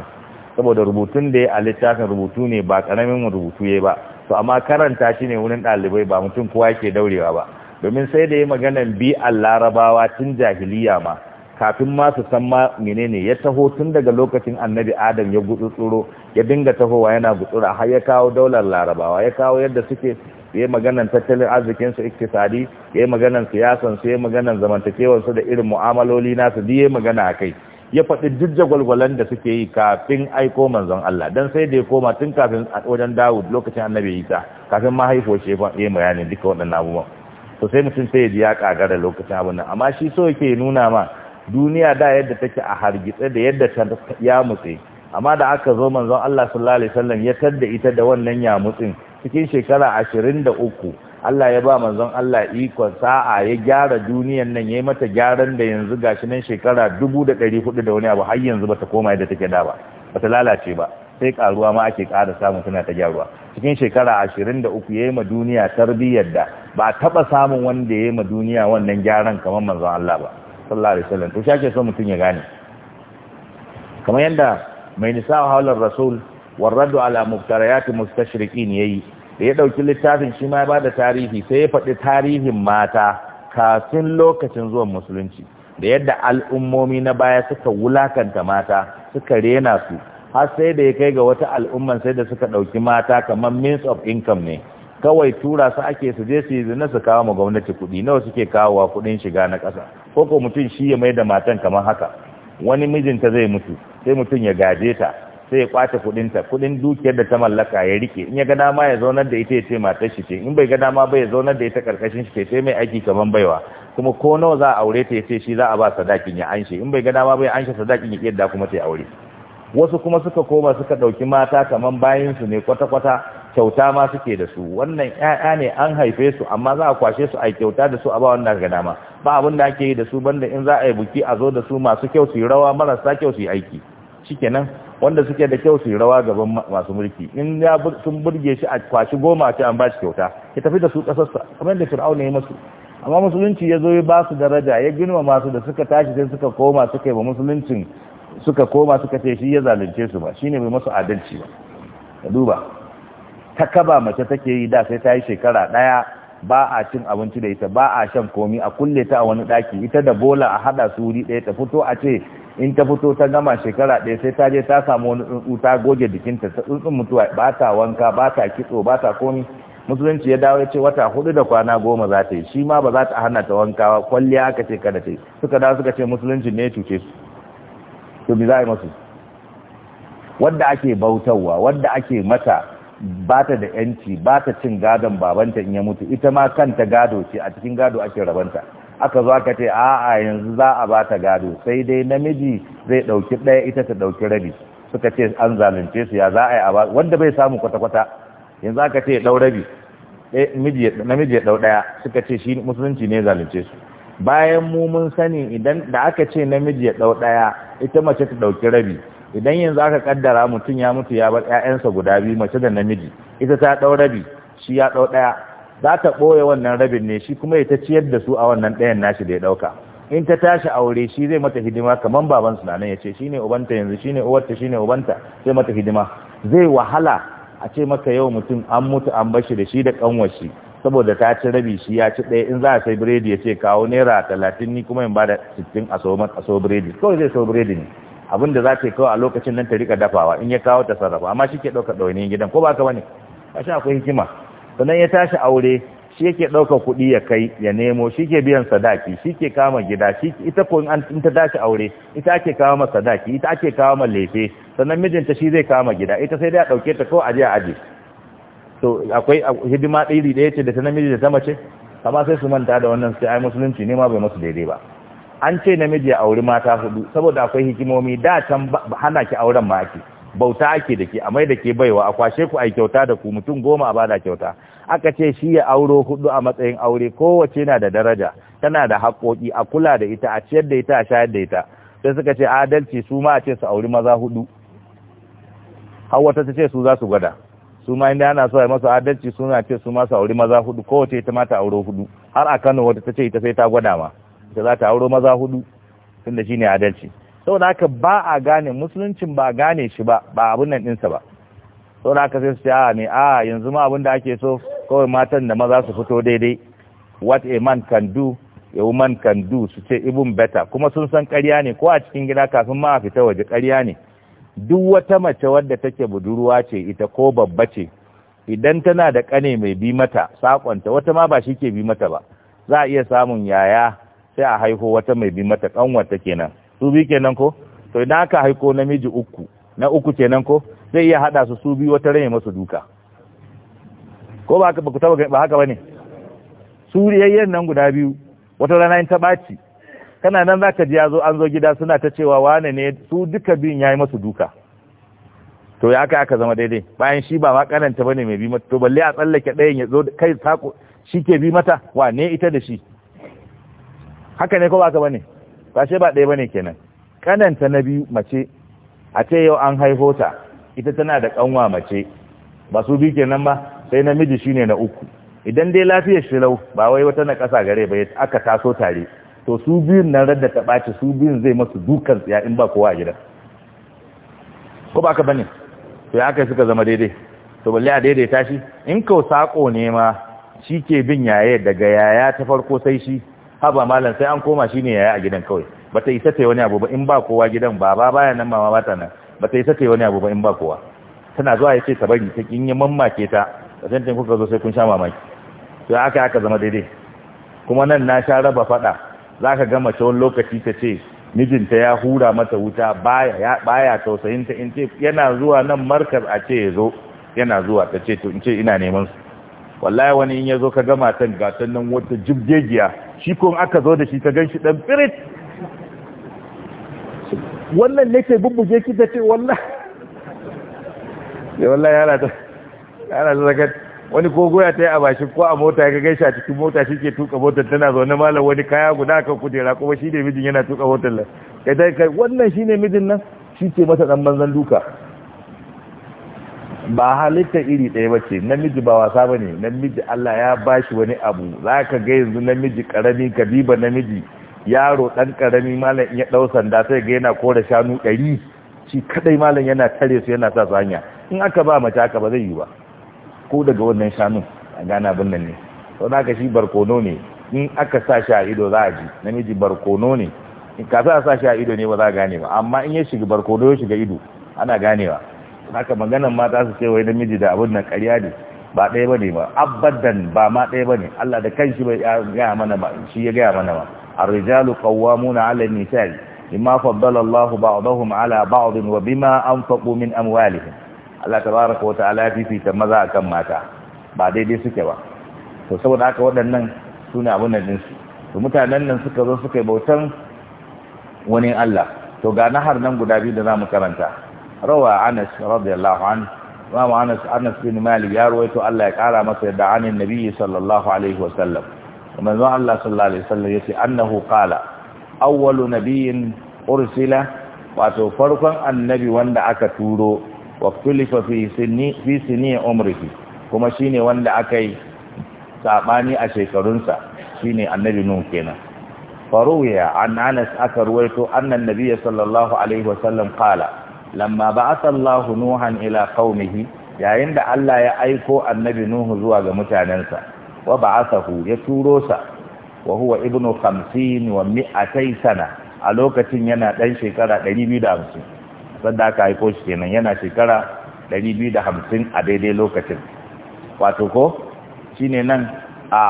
saboda rubutun da ya a littafin rubutu ne ba karamin rubutu ya ba to amma karanta shi ne wurin ɗalibai ba mutum kowa yake daurewa ba domin sai da ya maganan bi larabawa tun jahiliya ma kafin masu san ma menene ya taho tun daga lokacin annabi adam ya tsoro ya dinga tahowa yana gutsura har ya kawo daular larabawa ya kawo yadda suke ya maganan tattalin arzikin su iktisadi ya maganan siyasan su ya maganan zamantakewar su da irin mu'amaloli nasu duk ya magana kai ya faɗi duk jagwalgwalan da suke yi kafin aiko manzon Allah dan sai da ya koma tun kafin wajen Dawud lokacin annabi Isa kafin mahaifo shefan ya yi bayani duka waɗannan abubuwan to sai mutum sai ya ji ya kagara lokacin abin nan amma shi so yake nuna ma duniya da yadda take a hargitse da yadda ta ya mutse amma da aka zo manzon Allah sallallahu alaihi wasallam ya tadda ita da wannan ya mutsin cikin shekara 23 Allah ya ba manzon Allah ikon sa'a ya gyara duniyar nan yayi mata gyaran da yanzu gashi nan shekara 1400 da wani abu har yanzu bata koma yadda take da ba bata lalace ba sai karuwa ma ake kara samun tana ta gyaruwa cikin shekara 23 yayi ma duniya tarbiyyar da ba taba samun wanda ya yi ma duniya wannan gyaran kamar manzon Allah ba sallallahu alaihi wasallam to shake so mutun ya gane kamar yanda mai nisa hawlar rasul warraddu ala muftariyat mustashriqin yayi da ya dauki littafin shi ma ya bada tarihi sai ya faɗi tarihin mata kafin lokacin zuwan musulunci da yadda al'ummomi na baya suka wulakanta mata suka rena su har sai da ya kai ga wata al'umman sai da suka ɗauki mata kamar means of income ne kawai tura su ake su je su yi zina su kawo ma gwamnati kuɗi nawa suke wa kuɗin shiga na ƙasa ko ko mutum shi ya mai da matan kamar haka wani mijinta zai mutu sai mutum ya gaje ta sai ya kwace ta kuɗin dukiyar da ta mallaka ya rike in ya ga dama ya zaunar da ita ya ce matar shi ce in bai ga dama ba ya zaunar da ita karkashin shi ce sai mai aiki kamar baiwa kuma ko nawa za a aure ta ya ce shi za a ba sadakin ya anshe in bai ga dama ba ya anshe sadakin ya kiyar da kuma ta aure wasu kuma suka koma suka ɗauki mata kamar bayansu ne kwata-kwata kyauta ma suke da su wannan ƴaƴa ne an haife su amma za a kwashe su a kyauta da su a ba wannan ga dama ba abin da ake yi da su banda in za a yi buki a zo da su masu kyau su yi rawa marasa kyau su yi aiki shikenan wanda suke da kyau su yi rawa gaban masu mulki in ya sun burge shi a kwashi goma ce an ba shi kyauta Ki tafi da su ƙasarsa kamar da Fir'aun ya masu amma musulunci ya zo ya ba su daraja ya girma masu da suka tashi sai suka koma suka yi ba musuluncin suka koma suka ce shi ya zalunce su ba shine bai masu adalci ba duba ta kaba mace take yi da sai ta yi shekara daya ba a cin abinci da ita ba a shan komi a kulle ta a wani daki ita da bola a haɗa su wuri daya ta fito a ce in ta fito ta gama shekara ɗaya sai ta je ta samu wani tsuntsu ta goge jikinta ta tsuntsun mutuwa ba ta wanka ba ta kitso ba ta komi musulunci ya dawo ya ce wata hudu da kwana goma za ta yi shi ma ba za ta hana ta wanka kwalliya aka ce kada ta yi suka dawo suka ce musulunci ne ya cuce su to mi za a yi masu wadda ake bautarwa wadda ake mata ba ta da yanci ba ta cin gadon babanta in ya mutu ita ma kanta gado ce a cikin gado ake rabanta aka zo aka ce a'a yanzu za a ba ta gado sai dai namiji zai ɗauki ɗaya ita ta ɗauki rabi suka ce an zalunce su ya za a yi a ba wanda bai samu kwata-kwata yanzu aka ce ɗau rabi eh, namiji ya ɗau daya suka ce shi musulunci ne zalunce su bayan mu mun sani idan da aka ce namiji ya ɗau daya ita mace ta ɗauki rabi idan yanzu aka kaddara mutum ya mutu ya bar ƴaƴansa guda biyu mace da namiji ita ta ɗau rabi shi ya ɗau ɗaya za ta ɓoye wannan rabin ne shi kuma ya ta ciyar da su a wannan ɗayan nashi da ya ɗauka in ta tashi aure shi zai mata hidima kamar baban su nan ya ce shine ubanta yanzu shine uwarta shine ubanta zai mata hidima zai wahala a ce maka yau mutum an mutu an bar shi da shi da kanwar shi saboda ta ci rabi shi ya ci ɗaya in za a sai biredi ya ce kawo naira talatin ni kuma in ba da sittin a so biredi kawai zai so biredi ne abin da za ta yi kawai a lokacin nan ta rika dafawa in ya kawo ta sarrafa amma shi ke ɗaukar ɗawainiyar gidan ko ba ka a kashi akwai hikima sannan ya tashi aure shi yake ɗaukar kuɗi ya kai ya nemo shi ke biyan sadaki shi ke kama gida shi ita ko in ta tashi aure ita ake kawo ma sadaki ita ake kawo ma lefe sannan mijinta shi zai kama gida ita sai dai a ɗauke ta ko je a aje to akwai hidima ɗiri ɗaya ce da ta namiji da ta mace amma sai su manta da wannan sai ai musulunci ne ma bai musu daidai ba an ce namiji ya auri mata hudu saboda akwai hikimomi da can hana ki auren ma ake bauta ake da ke a mai da ke baiwa a kwashe ku a kyauta da ku mutum goma a bada kyauta aka ce shi ya auro hudu a matsayin aure kowace na da daraja tana da haƙoƙi a kula da ita a ciyar da ita a shayar da ita sai suka ce adalci su ma a ce su auri maza hudu hawata ta ce su za su gwada su ma inda ana so a masu adalci suna ce su ma su auri maza hudu kowace ita ma ta auro hudu har a kano wata ta ce ita sai ta gwada ma ita za ta auro maza hudu tunda ne adalci saboda haka ba a gane musuluncin ba gane shi ba ba abun nan ɗinsa ba saboda haka sai su ce a ne a yanzu ma abin da ake so kawai matan da maza su fito daidai what a man can do a woman can do su ce even better kuma sun san ƙarya ne ko a cikin gida kafin ma a fita waje ƙarya ne duk wata mace wadda take budurwa ce ita ko babba ce idan tana da ƙane mai bi mata sakonta wata ma ba shi ke bi mata ba za a iya samun yaya sai a haiko wata mai bi mata kanwata kenan su bi kenan ko to idan aka haiko namiji uku na uku kenan ko zai iya hada su su bi wata rai masu duka ko ba ba ku taba ba haka bane su riyayyen nan guda biyu wata rana in ta baci kana nan zaka ji yazo an zo gida suna ta cewa wane ne su duka biyun yayi masu duka to ya aka aka zama daidai bayan shi ba ma kananta bane mai bi mata to balle a tsallake ɗayan ya zo kai sako shi ke bi mata wane ita da shi haka ne ko ba ka bane ba sai ba ɗaya bane kenan kananta na biyu mace a ce yau an haifo ta ita tana da kanwa mace ba su biyu kenan ba sai namiji shine na uku idan dai lafiyar shirau ba wai wata na ƙasa gare ba aka taso tare to su biyun nan radda ta ɓaci su biyun zai masu dukan tsaya in ba kowa a gidan ko ba ka bane to ya kai suka zama daidai to balle a daidai shi in kau sako ne ma shi ke bin yaye daga yaya ta farko sai shi haba malam sai an koma shine yaya a gidan kawai bata isa ta wani abu ba in ba kowa gidan baba baya nan mama bata nan bata isa ta wani abu ba in ba kowa tana zuwa yace ta bari ta kin yi mammake ta san tin kuka zo sai kun sha mamaki to aka aka zama daidai kuma nan na sha raba fada zaka ga mace wani lokaci ta ce mijinta ya hura mata wuta baya baya tausayin ta in ce yana zuwa nan markaz a ce ya zo yana zuwa ta ce to in ce ina neman su wallahi wani in ya zo ka ga matan gatan nan wata jibgegiya shi ko aka zo da shi ka ganshi dan spirit wannan ne ke bubbuge ki da ce wallahi ya wallahi yana ta yana ta zaka wani ko goya ta yi a bashin ko a mota ya gaishe a cikin mota shi ke tuka motar tana zaune malam wani kaya guda kan kujera kuma shi ne mijin yana tuka motar nan kai dai kai wannan shi ne mijin nan shi ce masa dan manzan duka ba halitta iri ɗaya ba ce namiji ba wasa ba ne namiji Allah ya ba shi wani abu za ka ga yanzu namiji ƙarami ka namiji yaro ɗan ƙarami malam ya ɗau sanda sai ga yana kora shanu ɗari shi kaɗai malam yana tare su yana sa su hanya in aka ba mace aka ba zai yi ba ko daga wannan shanun a gane abin nan ne sau da aka shi barkono ne in aka sa shi a ido za a ji namiji barkono ne in ka sa shi a ido ne ba za a gane ba amma in ya shiga barkono ya shiga ido ana ganewa haka maganan mata su ce wai namiji da abun nan ƙarya ne ba ɗaya bane ba abadan ba ma ɗaya bane Allah da kanshi ya gaya mana ba shi ya gaya mana ba ar-rijalu qawwamuna 'ala an-nisa'i bima faddala Allah ba'dahum 'ala ba'd wa bima anfaqu min amwalihim Allah tabaaraka wa ta'ala ta maza akan mata ba daidai suke ba to saboda haka waɗannan sune abun nan su to mutanen nan suka zo suka yi bautan wani Allah to ga nahar nan guda biyu da zamu karanta rawa anas radiyallahu anhu imam anas anas bin malik ya ruwaito Allah ya kara masa yadda anin nabiyyi sallallahu alaihi wa wasallam manzon Allah sallallahu alaihi wasallam yace annahu qala awwalu nabiyyin ursila wato farkon annabi wanda aka turo waktulifa fi sinni fi sinni umrihi kuma shine wanda akai sabani a shekarunsa shine annabi nuh kenan faruya an anas aka ruwaito annan nabiyyi sallallahu alaihi wa sallam qala lamma ba'atha Allahu Nuhan ila qaumihi yayin da Allah ya aiko annabi Nuhu zuwa ga mutanensa wa ba'athahu ya turo sa wa huwa ibnu 50 wa 200 sana a lokacin yana dan shekara 250 sanda aka aiko shi kenan yana shekara 250 a daidai lokacin wato ko shine nan a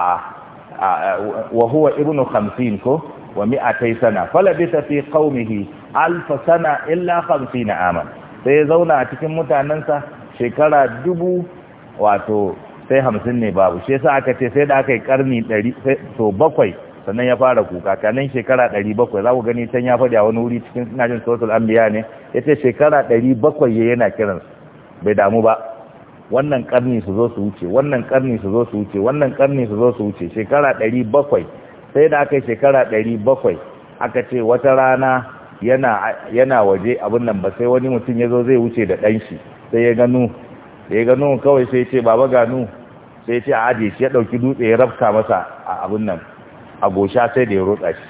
wa huwa ibnu 50 ko wa 200 sana bisa fi qaumihi alfa sana illa na aman sai ya zauna a cikin mutanensa shekara dubu wato sai hamsin ne babu shi yasa aka ce sai da aka yi karni ɗari to bakwai sannan ya fara kuka kanan shekara ɗari bakwai za ku gani can ya faɗi a wani wuri cikin ina jin an biya ne ya ce shekara ɗari bakwai ya yana kiran bai damu ba wannan karni su zo su wuce wannan karni su zo su wuce wannan karni su zo su wuce shekara ɗari bakwai sai da aka yi shekara ɗari bakwai aka ce wata rana yana waje abin nan ba sai wani mutum ya zo zai wuce da ɗan shi sai ya gano da ya gano kawai sai ce baba gano sai ce a ajiye shi ya ɗauki dutse ya rafka masa a abin nan a gosha sai da ya rotsa shi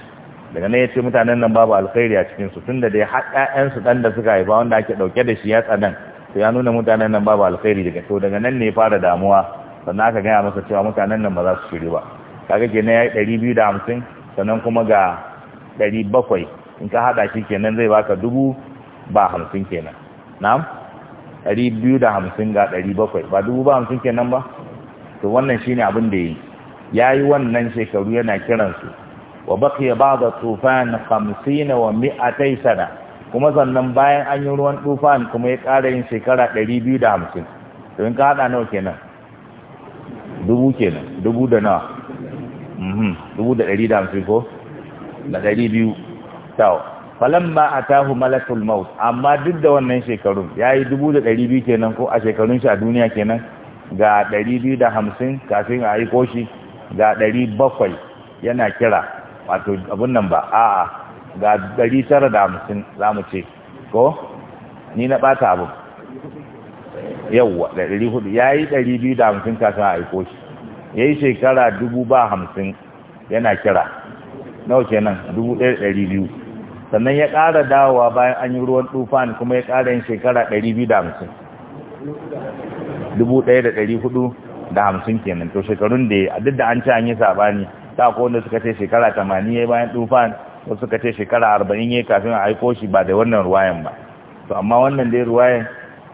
daga nan ya ce mutanen nan babu alkhairi a cikin su tunda da ya haɗa su ɗan da suka haifa wanda ake ɗauke da shi ya tsanan to ya nuna mutanen nan babu alkhairi daga to daga nan ne ya fara damuwa sannan aka gaya masa cewa mutanen nan ba za su shiri ba kaga kenan ya yi ɗari biyu da hamsin sannan kuma ga ɗari bakwai in ka hada shi kenan zai baka dubu ba hamsin kenan na'am ɗari biyu da hamsin ga ɗari bakwai ba dubu ba hamsin kenan ba to wannan shine abin da ya yi ya yi wannan shekaru yana kiransu wa ba da tufan hamsin wa mi'atai sana kuma sannan bayan an yi ruwan tufan kuma ya ƙara yin shekara biyu da hamsin. to in ka hada nawa kenan dubu kenan dubu da nawa mhm. dubu da da hamsin ko da biyu. ma a tahu malakul maut amma duk da wannan shekarun ya yi dubu da ɗari biyu kenan ko a shekarun shi a duniya kenan ga ɗari biyu da hamsin kafin a yi koshi ga ɗari bakwai yana kira wato abun nan ba a'a ga ɗari tara da hamsin za mu ce ko ni na ɓata abu yawwa biyu da hamsin kafin a yi koshi ya yi shekara dubu ba hamsin yana kira nawa kenan dubu ɗari biyu. sannan ya ƙara dawowa bayan an yi ruwan tufan kuma ya ƙara yin shekara 250 kenan to shekarun da ya duk da an ci an yi sabani ta ko wanda suka ce shekara 80 ya bayan tufan wasu suka ce shekara 40 ya kafin a aiko shi ba da wannan ruwayan ba to amma wannan dai ruwayan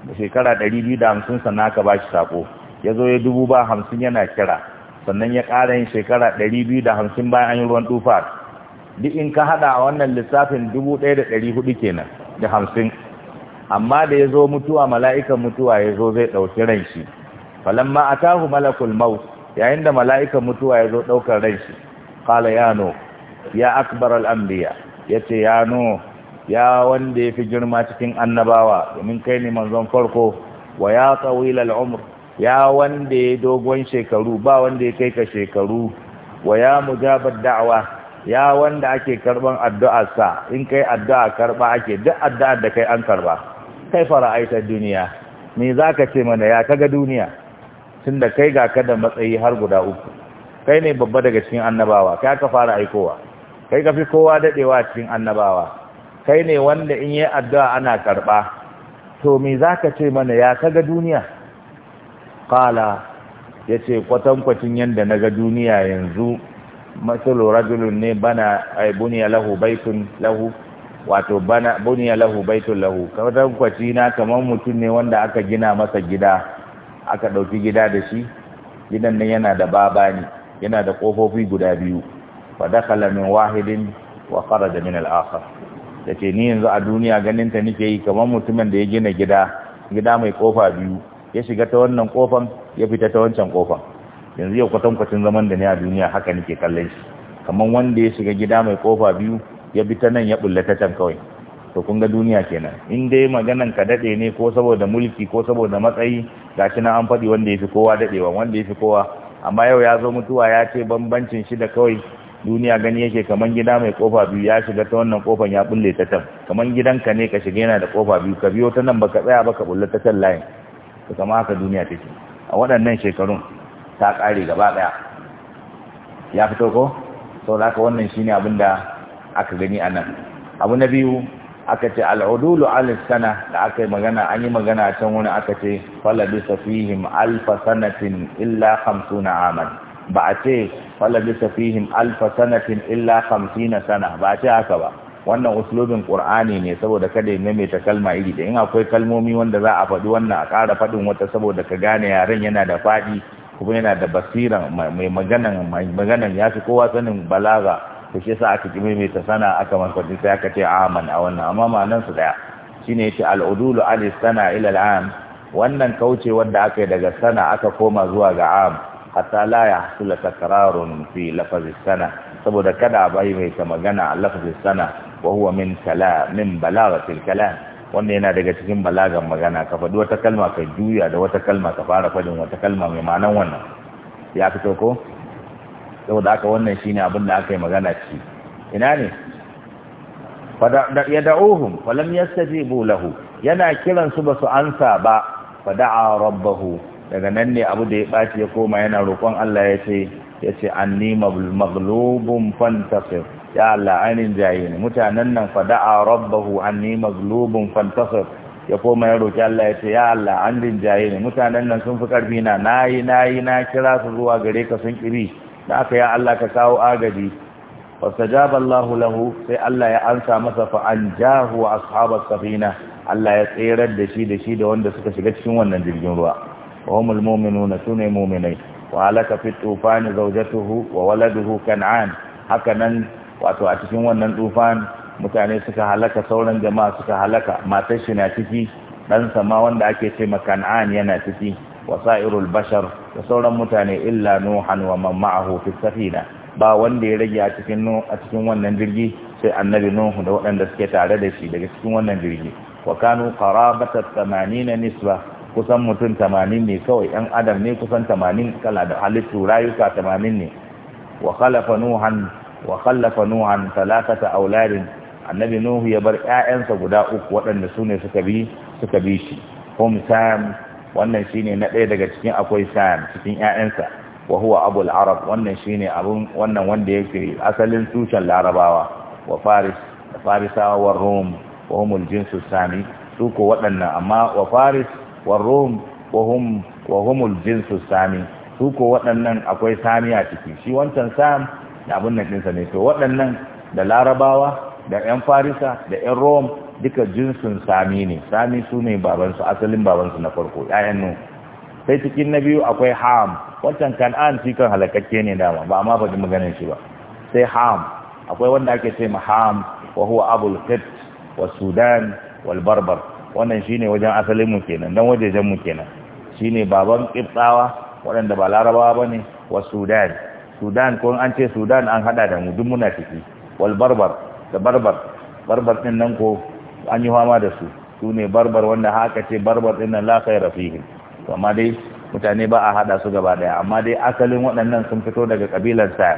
da shekara 250 sannan aka ba shi sako ya zo ya dubu ba hamsin yana kira sannan ya ƙara yin shekara 250 bayan an yi ruwan tufan duk in ka hada a wannan lissafin dubu ɗaya da ɗari hudu kenan da hamsin amma da ya zo mutuwa mala'ikan mutuwa ya zo zai ɗauki ran shi falamma a tahu malakul Mau yayin da mala'ikan mutuwa ya zo ɗaukar ran shi ya yano ya akbar al'ambiya ya ce yano ya wanda ya fi girma cikin annabawa domin kai ne manzon farko wa ya tsawil al’umur ya wanda ya dogon shekaru ba wanda ya kai ka shekaru wa ya mujabar da'awa ya wanda ake karban addu'arsa in kai addu'a karba ake duk addu'ar da kai an karba kai fara aita duniya me zaka ce mana ya kaga duniya tunda kai ga ka da matsayi har guda uku kai ne babba daga cikin annabawa kai ka fara aikowa kai ka fi kowa dadewa cikin annabawa kai ne wanda in yi addu'a ana karba to me zaka ce mana ya kaga duniya qala yace kwatankwacin yanda ga duniya yanzu matsalo rajulun ne bana ai buniya lahu baitun lahu wato bana buniya lahu baitun lahu kamar kwaci na kamar mutum ne wanda aka gina masa gida aka ɗauki gida da shi gidan nan yana da baba ne yana da kofofi guda biyu wa dakala min wahidin wa kharaja min al-akhar ke ni yanzu a duniya ganin ta nike yi kamar mutumin da ya gina gida gida mai kofa biyu ya shiga ta wannan kofan ya fita ta wancan kofan yanzu yau kwatankwacin zaman da ne a duniya haka nake kallon shi kamar wanda ya shiga gida mai kofa biyu ya bi ta nan ya bulle ta can kawai to kun ga duniya kenan in dai maganan ka dade ne ko saboda mulki ko saboda matsayi gashi na an faɗi wanda ya fi kowa dadewa wanda ya fi kowa amma yau ya zo mutuwa ya ce bambancin shi da kawai duniya gani yake Kamar gida mai kofa biyu ya shiga ta wannan kofan ya bulle ta can gidan ka ne ka shiga yana da kofa biyu ka biyo ta nan baka tsaya baka bulle ta can layin to kamar haka duniya take a waɗannan shekarun ta ƙare gaba ɗaya ya fito ko sau da aka wannan shi ne da aka gani a nan abu na biyu aka ce al'udulu sana da aka yi magana an yi magana can wani aka ce falabi safihim alfa sanatin illa hamsuna aman ba a ce falabi safihim alfa sanatin illa hamsina sana ba a ce haka ba wannan uslubin qur'ani ne saboda kada ya maimaita kalma iri da in akwai kalmomi wanda za a faɗi wannan a ƙara faɗin wata saboda ka gane yaren yana da faɗi kuma yana da basira mai maganan maganan ya fi kowa sanin balaga to shi yasa aka ki ta sana aka mankwanci sai aka ce aman a wannan amma ma'anan su daya shine yace al'udulu ali sana ila al'am wannan kauce wanda aka yi daga sana aka koma zuwa ga am hatta la yahsul takrarun fi sana saboda kada a bai mai ta magana a lafzi sana wa huwa min kalam min balagatil kalam wanda yana daga cikin balagan magana ka faɗi wata kalma ka juya da wata kalma ka fara faɗin wata kalma mai ma'anan wannan ya fito ko saboda aka wannan shine abin da aka yi magana ci ina ne ya da'uhum falam yastajibu lahu yana kiran su basu ansa ba fada'a rabbahu daga nan ne abu da ya ɓaci ya koma yana roƙon Allah ya ce ya ce anni maglubun fantasir ya Allah anin ne mutanen nan fa da'a rabbahu anni maghlubun fantasir ya koma ya roki Allah ya ce ya Allah an rinjaye ne mutanen nan sun fi karbi na nayi nayi na kira su zuwa gare ka sun kiri da aka ya Allah ka kawo agaji fastajaba Allahu lahu sai Allah ya ansa masa fa anjahu wa ashabas safina Allah ya tserar da shi da shi da wanda suka shiga cikin wannan jirgin ruwa wa humul mu'minuna sunay mu'minai wa alaka fi tufani zawjatuhu wa waladuhu kan'an haka nan wato a cikin wannan tufan mutane suka halaka sauran jama'a suka halaka matar shi na ciki ɗan sama wanda ake ce makan'an yana ciki wasa sa'irul bashar da sauran mutane illa nuhan wa man ma'ahu fi safina ba wanda ya rage a cikin a cikin wannan jirgi sai annabi nuhu da waɗanda suke tare da shi daga cikin wannan jirgi wa kanu qarabata 80 nisba kusan mutum tamanin ne kawai 'yan adam ne kusan tamanin kala da halittu rayuka tamanin ne wa khalafa nuhan wa khallafa nuhan talakata auladin annabi nuhu ya bar ƴaƴansa guda uku waɗanda su ne suka bi suka bi shi hum sam wannan shine na ɗaya daga cikin akwai sam cikin ƴaƴansa wa huwa abul arab wannan shine abun wannan wanda yake asalin tushen larabawa wa faris da farisawa wa rum wa humul jinsu sami su ko waɗannan amma wa faris wa rum wa hum wa humul jinsu sami su ko waɗannan akwai sami a ciki shi wancan sam da abin nan ɗinsa ne to waɗannan da larabawa da 'yan farisa da 'yan rome duka jinsun sami ne sami su ne babansu asalin babansu na farko 'ya'yan nu sai cikin na biyu akwai ham wancan kan'an shi kan halakakke ne dama ba ma faɗi maganin shi ba sai ham akwai wanda ake ce ma ham wa huwa abul fit wa sudan wal barbar wannan shine wajen asalin mu kenan dan wajejen mu kenan shine baban kibtsawa waɗanda ba larabawa bane wa sudan sudan ko an ce sudan an hada da mu duk muna ciki wal barbar da barbar barbar din nan ko an yi fama da su su ne barbar wanda haka ce barbar din nan la khaira to amma dai mutane ba a hada su gaba daya amma dai asalin waɗannan sun fito daga kabilar sa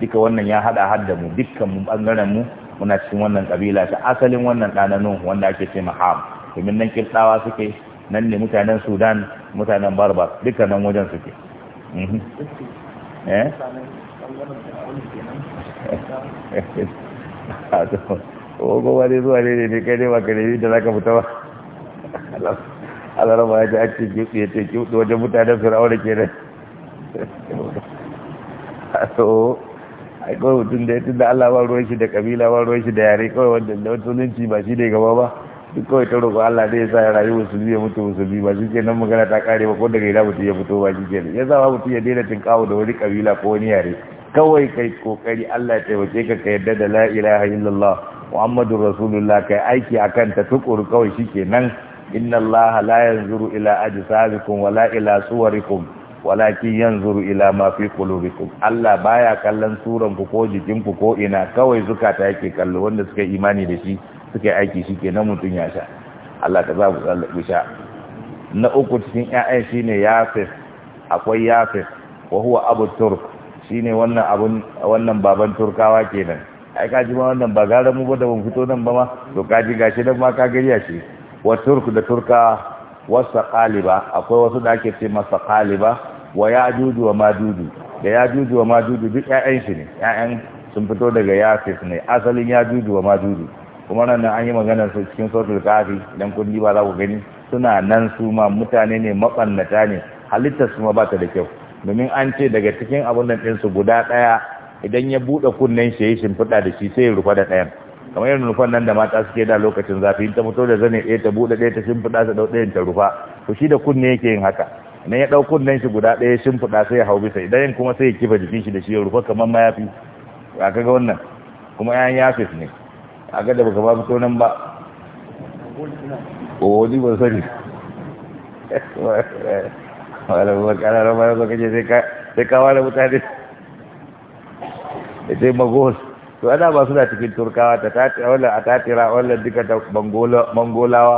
duka wannan ya hada har da mu dukkan mu bangaren mu muna cikin wannan kabila ta asalin wannan ɗananu wanda ake ce maham domin nan kirtawa suke nan ne mutanen sudan mutanen barbar duka nan wajen suke mhm. eh ko wani zuwa ne ne kai ne ba karemi da zaka fita ba alarama ya ce a ce kiwudu ya ce kiwudu wajen mutanen fir'auna ke nan so a kawai mutum da ya tun da allah ba ruwan shi da kabila ba ruwan shi da yare kawai wanda da wata ba shi ne gaba ba duk kawai ta roƙo Allah zai sa ya rayu musulmi ya mutu musulmi ba shi kenan magana ta kare ba ko daga ina mutum ya fito ba shi kenan ya zama mutum ya daina kawo da wani kabila ko wani yare kawai kai kokari Allah ya taimake ka ka yarda da la ilaha illallah muhammadur rasulullah kai aiki akan ta tukuru kawai shi nan inna allaha la yanzuru ila ajsadikum wala ila suwarikum walakin yanzuru ila ma fi qulubikum Allah baya kallon suran ku ko jikin ku ko ina kawai zukata yake kallo wanda suka imani da shi suka yi aiki shi ke na mutum ya sha Allah ta za ku tsallaɓi sha na uku cikin 'ya'yan shi ne yafis akwai yafis wa huwa abu turk shi ne wannan baban turkawa kenan ai ka ji ma wannan ba gara mu ba da mun fito nan ba ma to ka ji gashi nan ma ka gariya shi wa turk da turka wasa qaliba akwai wasu da ake ce masa qaliba wa yajuju wa majuju da yajuju wa majuju duk ƴaƴan shi ne ƴaƴan sun fito daga yafis ne asalin yajuju wa majuju kuma nan an yi maganar su cikin sautul kafi idan kun ba za ku gani suna nan su ma mutane ne matsannata ne halittar su ma ba ta da kyau domin an ce daga cikin abun nan ɗinsu guda ɗaya idan ya buɗe kunnen shi ya shimfiɗa da shi sai ya rufa da ɗayan kamar yadda rufan nan da mata suke da lokacin zafi ta fito da zane ɗaya ta buɗe ɗaya ta shimfiɗa ta ɗau ɗayan ta rufa to shi da kunne yake yin haka idan ya ɗau kunnen shi guda ɗaya shimfiɗa sai ya hau bisa idan kuma sai ya kifa jikin shi da shi ya rufa kamar mayafi ga kaga wannan kuma 'ya'yan yafis ne a ga da baka ba fito nan ba o ni ba sani wala ba kana ran ba ka kace sai ka sai ka da mutane sai magos to ana ba suna cikin turkawa ta tatira wala a tatira wala duka ta mangolawa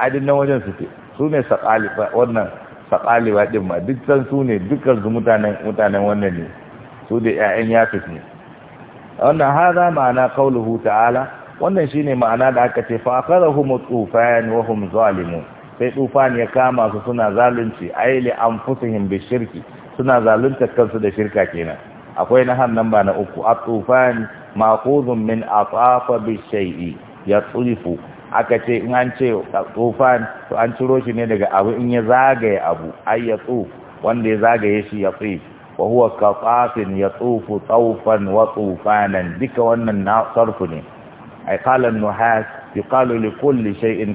adin nan wajen suke su ne sakali wannan sakali ba din ma duk san su ne dukkan su mutanen mutanen wannan ne su da ƴaƴan yafis ne wannan hada ma'ana qauluhu ta'ala wannan shine ma'ana da aka ce fa akhadhahum tufan wa hum zalimun sai tsufan ya kama su suna zalunci aili anfusihim bi shirki suna zalunta kansu da shirka kenan akwai na hannan ba na uku at-tufan ma'khudhun min atafa bi shay'i yatrifu aka ce in an ce tufan to an ciro shi ne daga abu in ya zagaye abu ay yatuf wanda ya zagaye shi ya yatrif wa huwa kaqafin yatufu tawfan wa tufanan duka wannan na sarfu ne ai qala nuhas yuqalu li kulli shay'in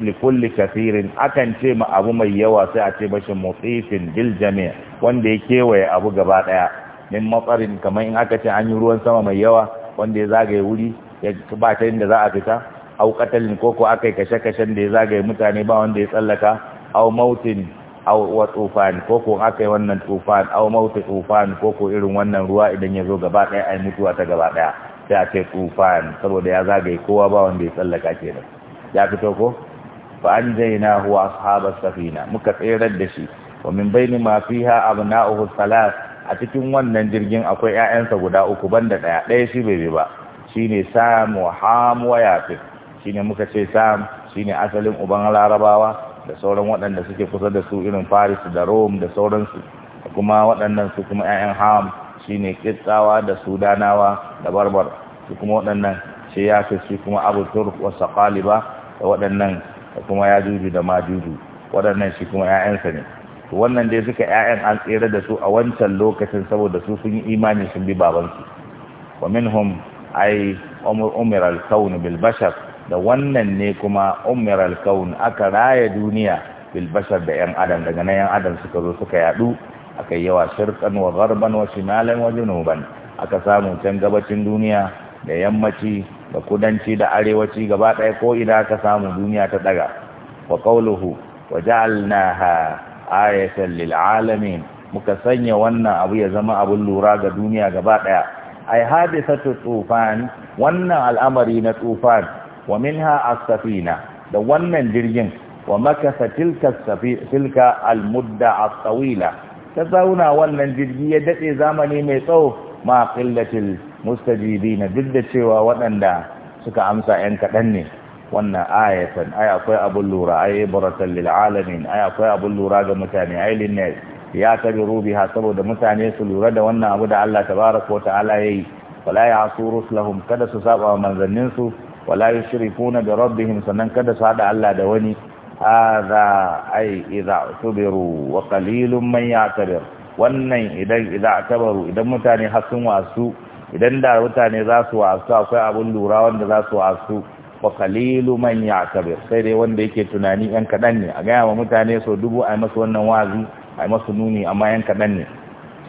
li kulli akan ce ma abu mai yawa sai a ce bashin mutifin bil jami' wanda ya kewaye abu gaba daya min matsarin kamar in aka ce an yi ruwan sama mai yawa wanda ya zagaye wuri ya ba ta inda za a fita au qatalin koko akai kashe kashe da ya zagaye mutane ba wanda ya tsallaka au mautin au wa tufan koko akai wannan tufan au mautu tufan koko irin wannan ruwa idan ya zo gaba daya ai mutuwa ta gaba daya sai a kai tufan saboda ya zagaye kowa ba wanda ya tsallaka kenan ya fito ko fa na huwa ashabas safina muka tsirar da shi wa min baini ma fiha abna'uhu salat a cikin wannan jirgin akwai 'ya'yansa guda uku banda ɗaya ɗaya shi bai ba shine sam wa ham wa yafin shine muka ce sam shine asalin uban larabawa da sauran waɗanda suke kusa da su irin faris da rome da sauransu kuma waɗannan su kuma 'ya'yan ham shine kitsawa da sudanawa da barbar su kuma waɗannan sai ya fi su kuma abu turk wa saqaliba da waɗannan da kuma ya juju da ma juju waɗannan shi kuma ƴaƴansa ne to wannan dai suka 'ya'yan an tsere da su a wancan lokacin saboda su sun yi imani sun bi babansu wa minhum ai umr umir al kawn bil da wannan ne kuma umir al kawn aka raya duniya Bilbashar da ƴan adam daga na ƴan adam suka zo suka yaɗu? aka yi yawa shirkan wa garban wa shimalan wa junuban aka samu can gabacin duniya da yammaci da kudanci da arewaci gaba ɗaya ko ina aka samu duniya ta daga wa qawluhu wa ja'alnaha ayatan lil alamin muka sanya wannan abu ya zama abun lura ga duniya gaba ɗaya ai hadisatu tufan wannan al'amari na tufan wa minha as-safina da wannan jirgin wa makasa tilka tilka al-mudda tawila ta zauna wannan jirgi ya daɗe zamani mai tsawo ma qillatil na duk da cewa waɗanda suka amsa ‘yan kaɗan ne wannan ayatan ai akwai abin lura ai ibaratan lil alamin ai akwai abin lura ga mutane ai linnas ya rubi ha saboda mutane su lura da wannan abu da Allah tabaraka wa ta'ala yayi wala hasu rusulahum kada su saba manzannin su wala yushrikuna bi rabbihim sannan kada su hada Allah da wani hadha ai idza tubiru wa qalilun man ya'tabir wannan idan idza tabaru idan mutane har sun wasu idan da mutane za su wasu akwai abin lura wanda za su wasu wa qalilu man ya'tabir sai dai wanda yake tunani yan kadan ne a gaya wa mutane so dubu ai masu wannan wazi ai masu nuni amma yan kadan ne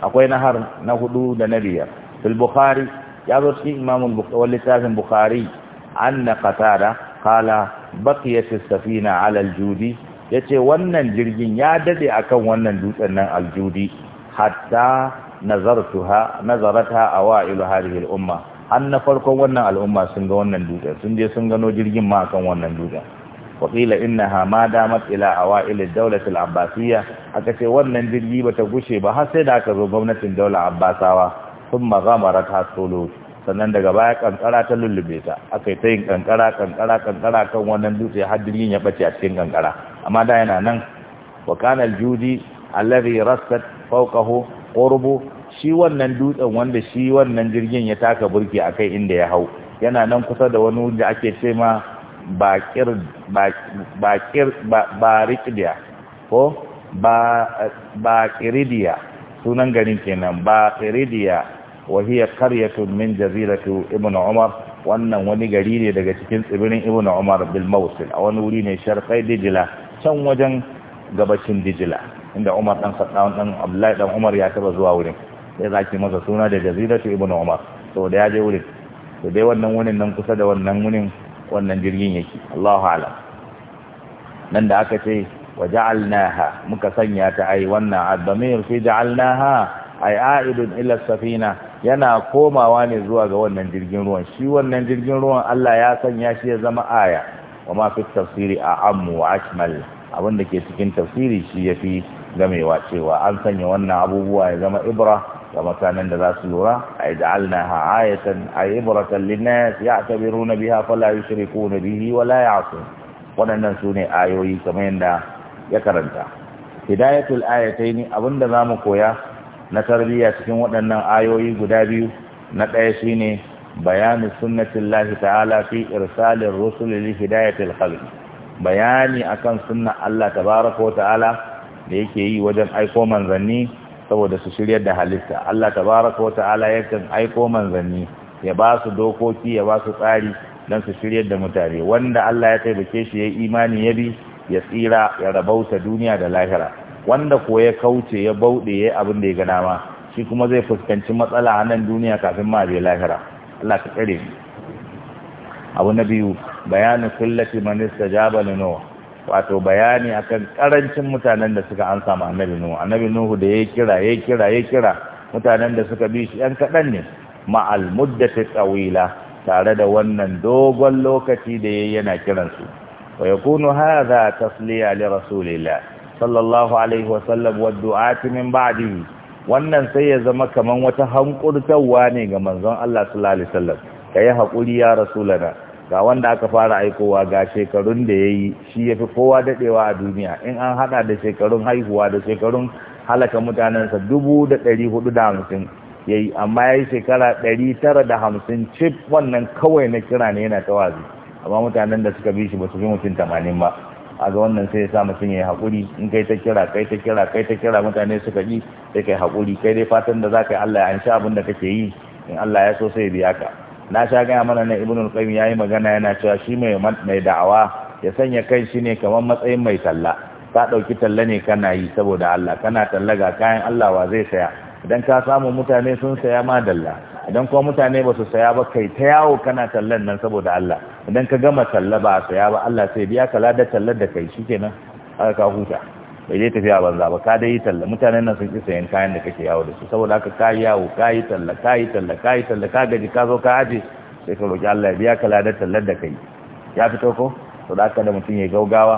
akwai na har na hudu da na biyar fil bukhari ya zo cikin imam al-bukhari littafin bukhari anna qatada qala baqiyat as-safina 'ala al-judi yace wannan jirgin ya dade akan wannan dutsen nan al-judi hatta nazartuha nazarata awailu hadhihi al-umma an na farkon wannan al'umma sun ga wannan dutsen sun je sun gano jirgin ma akan wannan dutsen wakila innaha ma damat ila awail ad-dawlah al-abbasiyya aka ce wannan jirgi bata gushe ba har sai da aka zo gwamnatin daular abbasawa thumma ghamarat hasulu sannan daga baya kankara ta lullube ta aka yi ta yin kankara kankara kankara kan wannan dutse har jirgin ya bace a cikin kankara amma da yana nan wa kana aljudi allazi rasat fawqahu qurbu shi wannan dutsen wanda shi wannan jirgin ya taka burki akai inda ya hau yana nan kusa da wani wanda ake ce ma bakir bakir barikdia ko ba bakiridiya sunan garin kenan bakiridiya wa ya qaryatun min Jariratu ibn umar wannan wani gari ne daga cikin tsibirin ibn umar bil a wani wuri ne sharqai dijila can wajen gabashin dijila inda umar dan saddam dan abdullahi dan umar ya taba zuwa wurin sai zaki masa suna da jaziratu ibn umar to da ya je wurin to dai wannan wurin kusa da wannan wurin wannan jirgin yake Allahu a'lam nan da aka ce wa waja'alnaha muka sanya ta ai wannan adamir fi ja'alnaha ai a'idun ila safina yana komawa ne zuwa ga wannan jirgin ruwan shi wannan jirgin ruwan Allah ya sanya shi ya zama aya wa ma fi tafsiri a ammu wa ashmal abin da ke cikin tafsiri shi ya fi gamewa cewa an sanya wannan abubuwa ya zama ibra ga mutanen da za su lura a yi ja'alna ha ayatan a yi ibratan linnas ya tabiru na biha fala yushriku na bihi wala ya'sun waɗannan su ne ayoyi kamar yadda ya karanta hidayatul ayataini abinda zamu koya na tarbiyya cikin waɗannan ayoyi guda biyu na ɗaya shine bayani sunnatin lahi ta'ala fi irsalin rusul li hidayatil bayani akan sunna Allah tabaraka wa ta'ala da yake yi wajen aiko manzanni saboda su shiryar da halitta Allah tabaraka wa ta'ala yakan aiko manzanni ya ba su dokoki ya ba su tsari don su shiryar da mutane wanda Allah ya taimake shi ya imani ya bi ya tsira ya rabauta duniya da lahira wanda ko ya kauce ya bauɗe ya abin da ya ga dama shi kuma zai fuskanci matsala a nan duniya kafin ma je lahira Allah ka tsare mu abu na biyu bayani kullati manista istajaba li wato bayani akan karancin mutanen da suka ansa ma annabi nuh annabi nuhu da ya kira ya kira ya kira mutanen da suka bi shi yan kaɗan ne ma'al al muddati tsawila, tare da wannan dogon lokaci da yayi yana kiransu wa yakunu hadha tasliya li rasulillah sallallahu alaihi wasallam wa du'ati min ba'dihi wannan sai ya zama kaman wata hankurtawa ne ga manzon Allah sallallahu alaihi wasallam kai hakuri ya rasulana ga wanda aka fara aikowa ga shekarun da yayi shi yafi kowa dadewa a duniya in an hada da shekarun haihuwa da shekarun halaka mutanensa dubu da yayi amma yayi shekara ɗari tara da hamsin cif wannan kawai na kira ne yana tawazi amma mutanen da suka bi shi ba su fi mutum tamanin ba a ga wannan sai ya sa mutum ya yi haƙuri in kai ta kira kai ta kira kai ta kira mutane suka yi sai kai haƙuri kai dai fatan da za ka yi Allah ya sha abin da kake yi in Allah ya so sai biya ka na sha gaya mana na ibnul ya yi magana yana cewa shi mai mai da'awa ya sanya kai shi ne kamar matsayin mai talla ka ɗauki talla ne kana yi saboda Allah kana talla ga kayan Allah wa zai saya idan ka samu mutane sun saya ma dalla idan kuma mutane ba su saya ba kai ta yawo kana tallan nan saboda Allah idan ka gama talla ba a saya ba Allah sai biya ka ladar tallar da kai shi kenan. aka ka huta bai je tafiya banza ba ka dai talla mutanen nan sun ƙi sayan kayan da kake yawo da su saboda haka ka yawo ka yi talla ka yi talla ka yi talla ka gaji ka zo ka aje sai ka roki Allah ya biya kala da tallar da kai ya fito ko saboda da haka da mutum ya gaugawa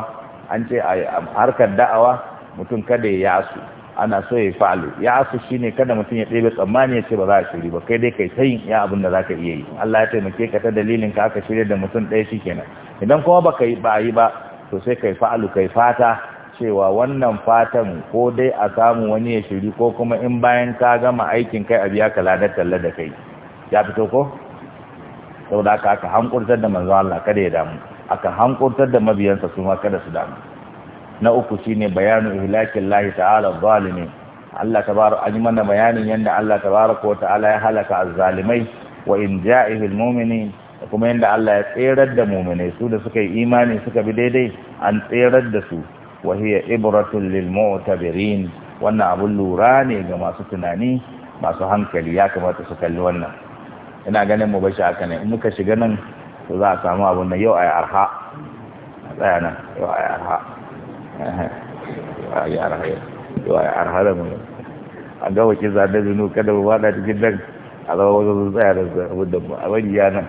an ce a harkar da'awa mutum kada ya yasu ana so ya fa'alu ya asu shi ne kada mutum ya ɗebe tsammani ya ce ba za a shiri ba kai dai kai sayin ya abin da za ka iya yi Allah ya taimake ka ta dalilin ka aka shirya da mutum ɗaya shi kenan idan kuma ba ka yi ba yi ba to sai kai fa'alu kai fata cewa wannan fatan ko dai a samu wani ya shiri ko kuma in bayan ka gama aikin kai a biya ka ladar talla da kai ya fito ko saboda aka hankurtar da manzon Allah kada ya damu aka hankurtar da mabiyansa su ma kada su damu na uku shine bayanu ihlakin lahi ta'ala zalimin Allah tabaraka an yi mana bayanin yanda Allah tabaraka wa ta'ala ya halaka azzalimai wa in ja'ihi almu'minin kuma yanda Allah ya tserar da mu'minai su da suka yi imani suka bi daidai an tserar da su wa hiya ibratun lilmutabirin wannan abun lura ne ga masu tunani masu hankali ya kamata su kalli wannan ina ganin mu bashi haka ne in muka shiga nan to za a samu abun nan yau arha a tsaya nan yau arha a yi arhaya yau a yi arhaya mu a ga wakil zinu kada mu da cikin nan a zama wasu sun tsaya da abin da mu a bari ya nan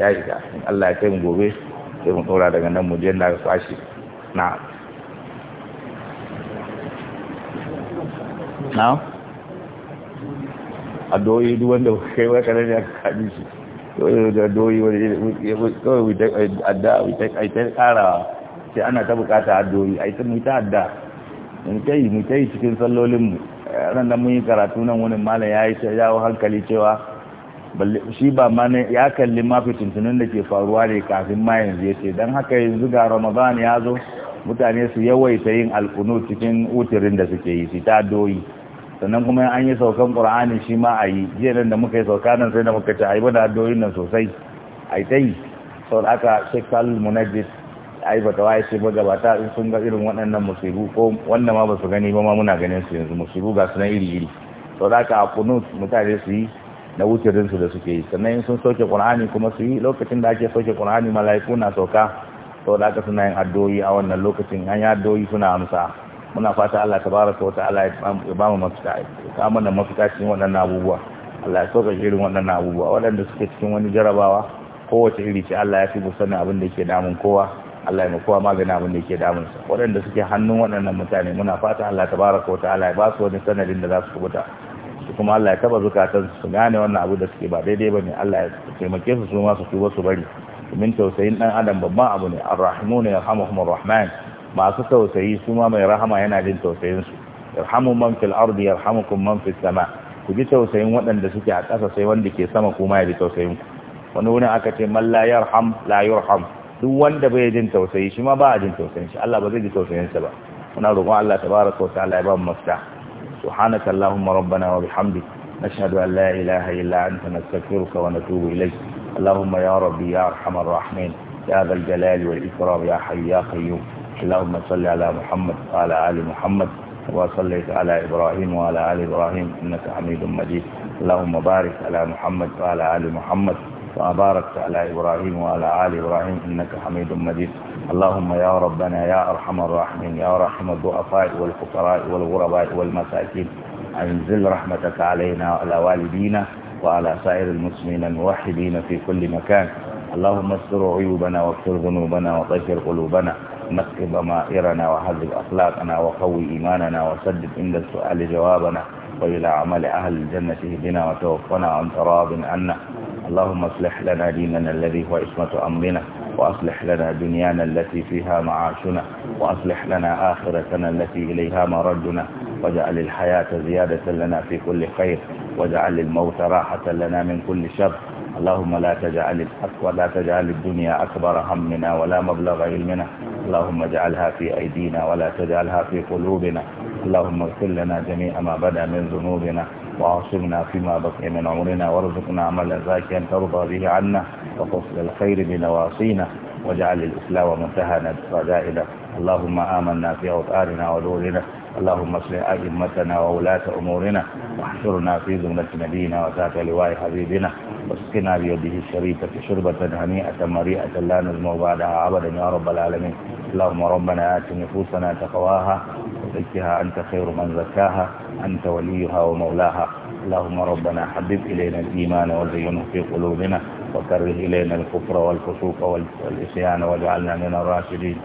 ya shiga in Allah ya kai mu gobe sai mu ɗora daga nan mu je na ga kwashi na na addu'o'i duk wanda kai wa kanar ya kaɗi shi addu'o'i wani kawai a ta ƙarawa ce ana ta bukata addu'o'i ai sun mu ta adda in kai mu kai cikin sallolin mu ran da mun yi karatu nan wani malam ya yi hankali cewa balle shi ba ma ne ya kalli ma fitintunin da ke faruwa ne kafin ma yanzu ya ce don haka yanzu ga ramadan ya zo mutane su yawaita yin alkunu cikin utirin da suke yi su ta addu'o'i sannan kuma an yi saukan qur'ani shi ma a yi jiya nan da muka yi sauka nan sai da muka ci ayi yi bada doyin nan sosai a yi ta yi sau da aka shekal munajjis ai baka waye ce gabata in sun ga irin waɗannan musibu ko wanda ma ba su gani ba ma muna ganin su yanzu musibu ga su na iri iri to da ka kunut mutane su yi na wutirin su da suke yi sannan in sun soke qur'ani kuma su yi lokacin da ake soke qur'ani mala'iku na sauka to da ka suna yin addu'o'i a wannan lokacin an yi addu'o'i suna amsa muna fata Allah tabaraka wa ta'ala ya ba mu mafita ya ka mana mafita cikin waɗannan abubuwa Allah ya sauka irin waɗannan abubuwa waɗanda suke cikin wani jarabawa kowace iri ce Allah ya fi mu abin da yake damun kowa Allah ya mu kowa magana abin da yake damun sa waɗanda suke hannun waɗannan mutane muna fata Allah tabaraka wa ta'ala ya ba su wani sanadin da za su kubuta kuma Allah ya taba zukatan su gane wannan abu da suke ba daidai ne. Allah ya taimake su su ma su tuba su bari domin tausayin dan adam babban abu ne arrahimuna yarhamuhumur rahman masu tausayi su ma mai rahama yana jin tausayin su yarhamu man fil ardi yarhamukum man fis sama ku ji tausayin waɗanda suke a ƙasa sai wanda ke sama kuma ya ji tausayin ku wani wurin aka ce man la yarham la yurham duk wanda bai jin tausayi shi ma ba a jin tausayin shi Allah ba zai ji tausayin sa ba muna roƙon Allah tabaraka wa ta'ala ya ba mu mafita subhanaka allahumma rabbana wa bihamdika nashhadu an la ilaha illa anta nastaghfiruka wa natubu ilayk allahumma ya rabbi ya arhamar rahimin ya dhal jalali wal ikram ya hayy ya qayyum اللهم صل على محمد وعلى ال محمد وصليت على إبراهيم وعلى آل إبراهيم إنك حميد مجيد اللهم بارك على محمد وعلى آل محمد وبارك على إبراهيم وعلى آل إبراهيم إنك حميد مجيد اللهم يا ربنا يا أرحم الراحمين يا رحم الضعفاء والفقراء والغرباء والمساكين أنزل رحمتك علينا وعلى والدينا وعلى سائر المسلمين الموحدين في كل مكان اللهم استر عيوبنا واغفر ذنوبنا وطهر قلوبنا نقي ضمائرنا وهذب أخلاقنا وقوي إيماننا وسدد عند السؤال جوابنا وإلى عمل أهل الجنة اهدنا وتوفنا عن تراب عنا اللهم اصلح لنا ديننا الذي هو عصمة أمرنا وأصلح لنا دنيانا التي فيها معاشنا وأصلح لنا آخرتنا التي إليها مردنا واجعل الحياة زيادة لنا في كل خير واجعل الموت راحة لنا من كل شر اللهم لا تجعل ولا تجعل الدنيا أكبر همنا ولا مبلغ علمنا اللهم اجعلها في أيدينا ولا تجعلها في قلوبنا اللهم اغفر لنا جميع ما بدا من ذنوبنا وعاصمنا فيما بقي من عمرنا وارزقنا عملا زاكيا ترضى به عنا وفصل الخير بنواصينا واجعل الإسلام منتهى رجائنا اللهم آمنا في أوطاننا ودورنا اللهم اصلح أئمتنا وولاة أمورنا واحشرنا في زمرة نبينا وذات لواء حبيبنا واسقنا بيده الشريفة شربة هنيئة مريئة لا نزمو بعدها أبدا يا رب العالمين اللهم ربنا آت نفوسنا تقواها وزكها أنت خير من زكاها أنت وليها ومولاها اللهم ربنا حبب إلينا الإيمان وزينه في قلوبنا وكره إلينا الكفر والفسوق والإسيان واجعلنا من الراشدين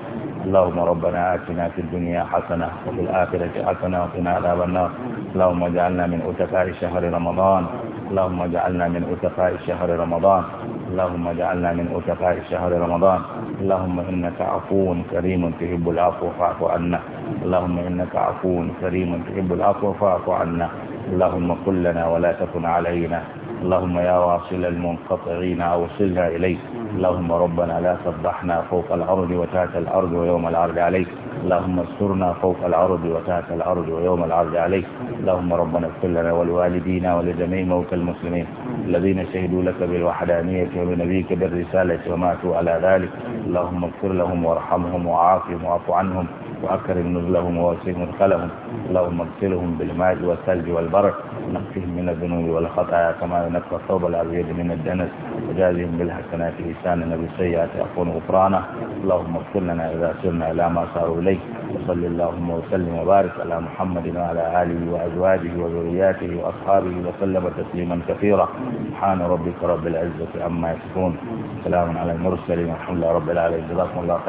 اللهم ربنا آتنا في الدنيا حسنة وفي الآخرة حسنة وقنا عذاب النار اللهم اجعلنا من أتقاء شهر رمضان اللهم اجعلنا من أتقاء شهر رمضان اللهم اجعلنا من أتقاء شهر رمضان اللهم إنك عفو كريم تحب العفو فاعف عنا اللهم إنك عفو كريم تحب العفو فاعف عنا اللهم قل لنا ولا تكن علينا اللهم يا واصل المنقطعين أوصلنا إليك اللهم ربنا لا تفضحنا فوق الأرض وتات الأرض ويوم العرض عليك اللهم استرنا فوق العرض وتات الارض ويوم العرض عليك اللهم ربنا اغفر لنا ولوالدينا ولجميع موتى المسلمين الذين شهدوا لك بالوحدانية وبنبيك بالرسالة وماتوا على ذلك اللهم اغفر لهم وارحمهم وعافهم واعف عنهم وأكرم نزلهم ووسيهم مدخلهم اللهم اغسلهم بالماء والثلج والبرد نقهم من الذنوب والخطايا كما ينقى الثوب الأبيض من الدنس وجازهم بالحسنات لسان النبي بالسيئات عفوا غفرانا اللهم اغفر لنا إذا سرنا إلى ما صاروا إليه وصل اللهم وسلم وبارك على محمد وعلى آله وأزواجه وذرياته وأصحابه وسلم تسليما كثيرا سبحان ربك رب العزة عما يصفون سلام على المرسلين الحمد لله رب العالمين جزاكم الله خير